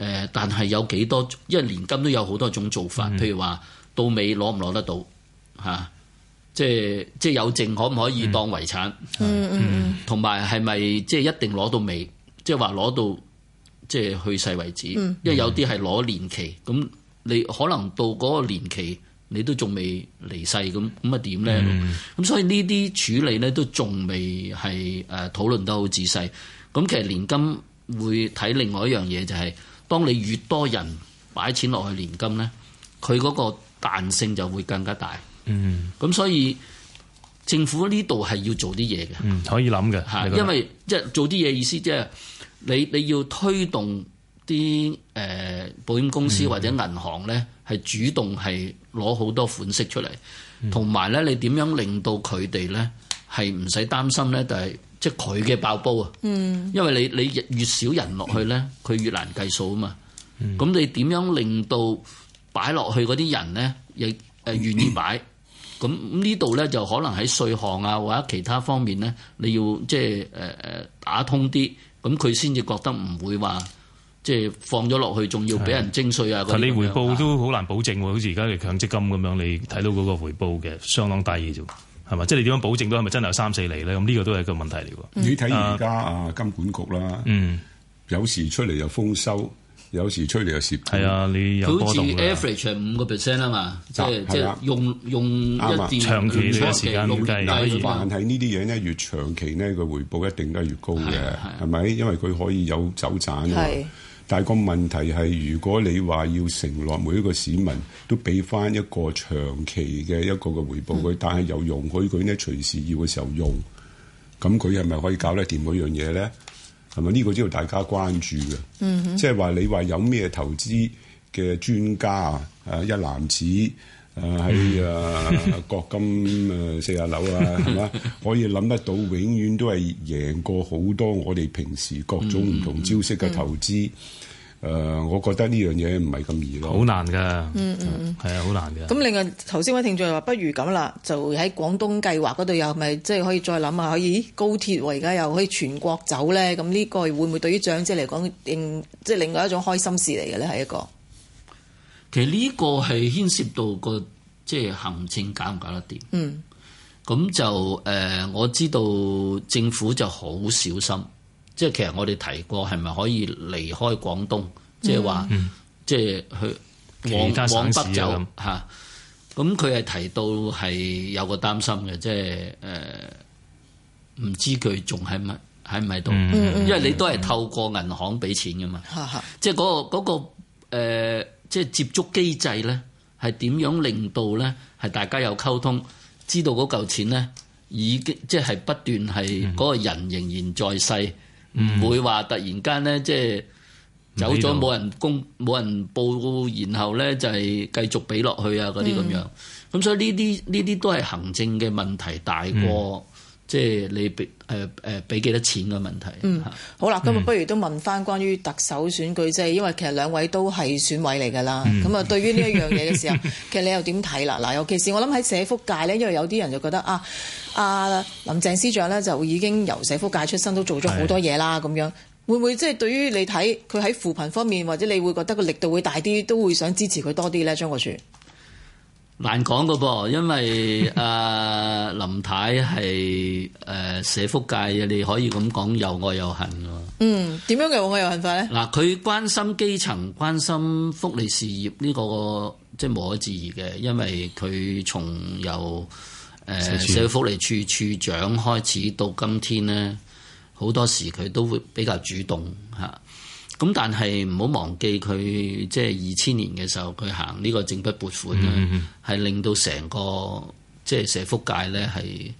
誒，但係有幾多？因為年金都有好多種做法，嗯、譬如話到尾攞唔攞得到嚇、啊，即係即係有證可唔可以當遺產？嗯是嗯同埋係咪即係一定攞到尾？即係話攞到即係去世為止？嗯、因為有啲係攞年期，咁、嗯、你可能到嗰個年期你都仲未離世，咁咁啊點咧？咁、嗯、所以呢啲處理咧都仲未係誒討論得好仔細。咁其實年金會睇另外一樣嘢、就係，就係。當你越多人擺錢落去年金呢，佢嗰個彈性就會更加大。嗯，咁所以政府呢度係要做啲嘢嘅。嗯，可以諗嘅嚇，因為即係、嗯、做啲嘢意思即係你你要推動啲誒、呃、保險公司或者銀行呢，係主動係攞好多款式出嚟，同埋、嗯、呢，你點樣令到佢哋呢？係唔使擔心呢，但係即係佢嘅爆煲啊！嗯、因為你你越少人落去咧，佢越難計數啊嘛。咁、嗯、你點樣令到擺落去嗰啲人咧，亦誒願意擺？咁、嗯、呢度咧就可能喺稅項啊或者其他方面咧，你要即係誒誒打通啲，咁佢先至覺得唔會話即係放咗落去、啊，仲要俾人徵稅啊嗰啲咁樣。你回報都好難保證喎，好似而家嘅強積金咁樣，你睇到嗰個回報嘅相當大嘅啫。係嘛？即係你點樣保證到係咪真係有三四厘咧？咁呢個都係一個問題嚟喎。你睇而家啊金管局啦，嗯，有時出嚟又豐收，有時出嚟又蝕。係啊，你有波動啦。好似 average 五個 percent 啊嘛，即係即係用、啊、用，用一、啊、長期嘅時間嚟計，嗯，但係呢啲嘢咧，越長期咧個回報一定都係越高嘅，係咪、啊啊啊？因為佢可以有走盞㗎但個問題係，如果你話要承諾每一個市民都俾翻一個長期嘅一個嘅回報佢，嗯、但係又容許佢呢隨時要嘅時候用，咁佢係咪可以搞得掂嗰樣嘢呢？係咪呢個都要大家關注嘅？嗯、哼即係話你話有咩投資嘅專家啊？一籃子。啊喺啊國金啊四啊樓啊，係嘛？ [LAUGHS] 可以諗得到，永遠都係贏過好多我哋平時各種唔同招式嘅投資。誒、嗯嗯呃，我覺得呢樣嘢唔係咁易咯，好難噶、嗯。嗯嗯，係啊，好難噶。咁另外頭先位聽眾話，不如咁啦，就喺廣東計劃嗰度又咪即係可以再諗下，可以高鐵喎、啊，而家又可以全國走咧。咁呢個會唔會對於長者嚟講，定即係另外一種開心事嚟嘅咧？係一個。其實呢個係牽涉到個即係行政搞唔搞得掂，咁、mm. 就誒、呃、我知道政府就好小心，即係其實我哋提過係咪可以離開廣東，mm. 即係話即係去往他省往北就嚇，咁佢係提到係有個擔心嘅，即係誒唔知佢仲喺咪喺唔喺度，mm. 因為你都係透過銀行俾錢㗎嘛，即係嗰個嗰即係接觸機制呢，係點樣令到呢？係大家有溝通，知道嗰嚿錢呢已經即係、就是、不斷係嗰個人仍然在世，唔、嗯、會話突然間呢，即係走咗冇人公冇人報告，然後呢就係繼續俾落去啊嗰啲咁樣。咁、嗯、所以呢啲呢啲都係行政嘅問題大過。即係你俾誒誒俾幾多錢嘅問題。嗯，好啦，咁啊不如都問翻關於特首選舉即係，嗯、因為其實兩位都係選委嚟㗎啦。咁啊、嗯，對於呢一樣嘢嘅時候， [LAUGHS] 其實你又點睇啦？嗱，尤其是我諗喺社福界咧，因為有啲人就覺得啊，阿、啊、林鄭司長咧就已經由社福界出身，都做咗好多嘢啦。咁的樣會唔會即係對於你睇佢喺扶貧方面，或者你會覺得個力度會大啲，都會想支持佢多啲咧？張國柱。難講噶噃，因為阿 [LAUGHS] 林太係誒社福界嘅，你可以咁講，又愛又恨嘅。嗯，點樣又愛又恨法咧？嗱，佢關心基層，關心福利事業呢、這個即係無可置疑嘅，因為佢從由誒、呃、社會福利處處長開始，到今天咧，好多時佢都會比較主動吓。咁但係唔好忘記佢，即係二千年嘅時候，佢行呢個整筆撥款咧，係、mm hmm. 令到成個即係社福界咧，係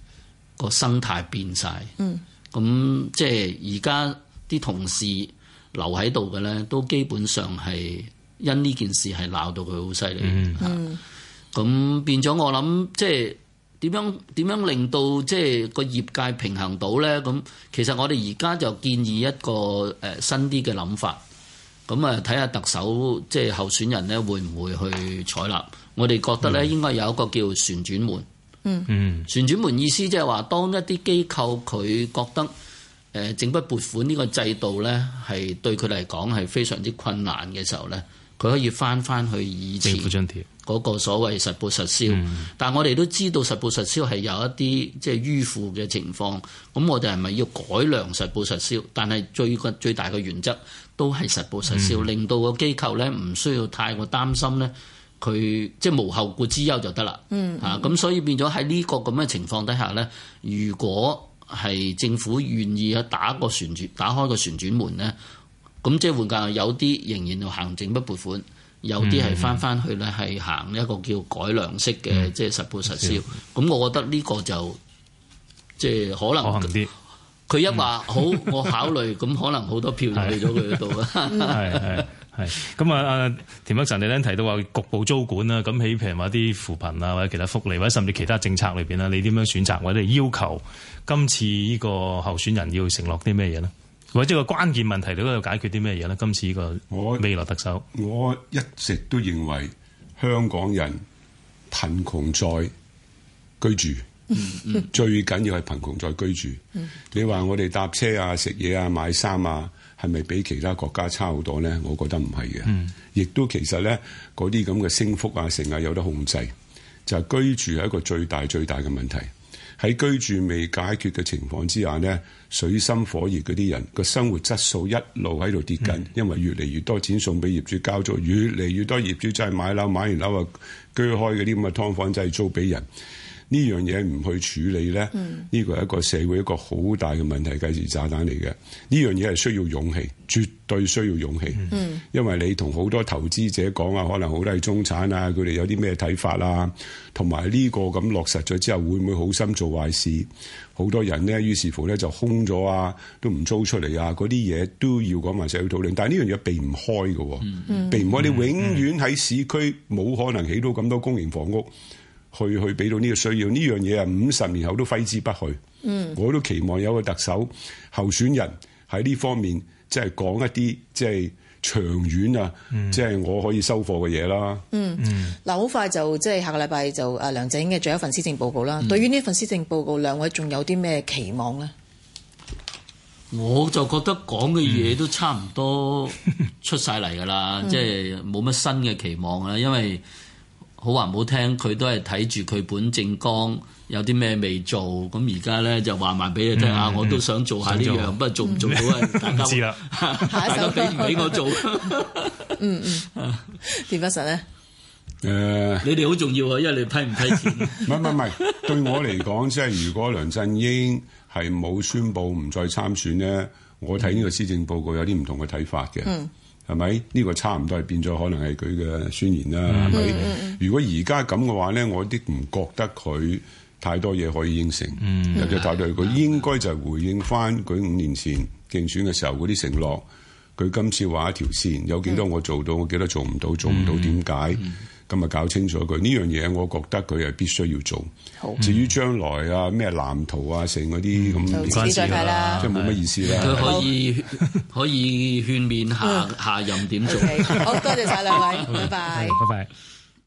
個生態變曬。咁、mm hmm. 即係而家啲同事留喺度嘅咧，都基本上係因呢件事係鬧到佢好犀利嚇。咁、mm hmm. 變咗我諗即係。點樣點樣令到即係個業界平衡到呢？咁其實我哋而家就建議一個誒新啲嘅諗法，咁啊睇下特首即係候選人咧會唔會去採納？我哋覺得咧應該有一個叫旋轉門。嗯嗯，旋轉門意思即係話當一啲機構佢覺得誒整筆撥款呢個制度呢，係對佢嚟講係非常之困難嘅時候呢。佢可以翻翻去以前嗰個所謂實報實銷，嗯、但係我哋都知道實報實銷係有一啲即係迂腐嘅情況。咁我哋係咪要改良實報實銷？但係最個最大嘅原則都係實報實銷，嗯、令到個機構咧唔需要太過擔心咧，佢即係無後顧之憂就得啦。嗯嗯、啊，咁所以變咗喺呢個咁嘅情況底下咧，如果係政府願意啊打個旋轉，打開個旋轉門咧。咁即係換屆，有啲仍然要行政不撥款，有啲係翻翻去咧係行一個叫改良式嘅即係實報實銷。咁 [LAUGHS] 我覺得呢個就即係可能可行啲。佢一話好， [LAUGHS] 我考慮，咁可能好多票就去咗佢嗰度啦。係係係。咁啊啊，田北辰你咧提到話局部租管啊，咁起譬如話啲扶貧啊，或者其他福利或者甚至其他政策裏邊啊，你點樣選擇或者要求今次呢個候選人要承諾啲咩嘢呢？或者個關鍵問題，你都要解決啲咩嘢咧？今次個我未來特首我，我一直都認為香港人貧窮在居住， [LAUGHS] 最緊要係貧窮在居住。 [LAUGHS] 你話我哋搭車啊、食嘢啊、買衫啊，係咪比其他國家差好多咧？我覺得唔係嘅，亦 [LAUGHS] 都其實咧嗰啲咁嘅升幅啊、成啊有得控制，就係、係、居住係一個最大最大嘅問題。喺居住未解決嘅情況之下呢，水深火熱嗰啲人個生活質素一路喺度跌緊，嗯、因為越嚟越多錢送俾業主交租，越嚟越多業主真係買樓買完樓啊，居開嗰啲咁嘅劏房就係租俾人。呢樣嘢唔去處理呢，呢個係一個社會一個好大嘅問題，計時炸彈嚟嘅。呢樣嘢係需要勇氣，絕對需要勇氣。嗯、因為你同好多投資者講啊，可能好多係中產啊，佢哋有啲咩睇法啊，同埋呢個咁落實咗之後，會唔會好心做壞事？好多人呢，於是乎呢，就空咗啊，都唔租出嚟啊，嗰啲嘢都要講埋社會討論。但係呢樣嘢避唔開嘅，嗯、避唔開、嗯、你永遠喺市區冇可能起到咁多公營房屋。去去俾到呢個需要，呢樣嘢啊五十年後都揮之不去。嗯，我都期望有個特首候選人喺呢方面，即、就、係、是、講一啲即係長遠啊，即係、嗯、我可以收貨嘅嘢啦嗯。嗯，嗱好、嗯、快就即係、就是、下個禮拜就誒梁振英嘅最後一份施政報告啦。嗯、對於呢份施政報告，兩位仲有啲咩期望咧？我就覺得講嘅嘢都差唔多出晒嚟噶啦，即係冇乜新嘅期望啦，因為，好話唔好聽，佢都係睇住佢本政綱有啲咩未做，咁而家咧就話埋俾你聽啊。嗯、我都想做下呢樣，做做不過做唔做到啊？唔知啦，大家都俾唔俾我做。嗯嗯，田北辰咧，誒，呃、你哋好重要啊，因為你批唔批錢？唔唔唔，對我嚟講，即係如果梁振英係冇宣佈唔再參選咧，我睇呢個施政報告有啲唔同嘅睇法嘅。嗯係咪呢個差唔多係變咗？可能係佢嘅宣言啦，係咪？Mm hmm. 如果而家咁嘅話咧，我啲唔覺得佢太多嘢可以應承，有隻態度佢應該就係回應翻佢五年前競選嘅時候嗰啲承諾。佢今次話一條線，有幾多我做到？我幾多做唔到？做唔到點解？今日搞清楚佢呢樣嘢，我覺得佢係必須要做。至於將來啊，咩藍圖啊，成嗰啲咁，唔好再睇啦，即係冇乜意思啦。佢可以可以勸勉下下任點做。好，多謝晒兩位，拜拜，拜拜。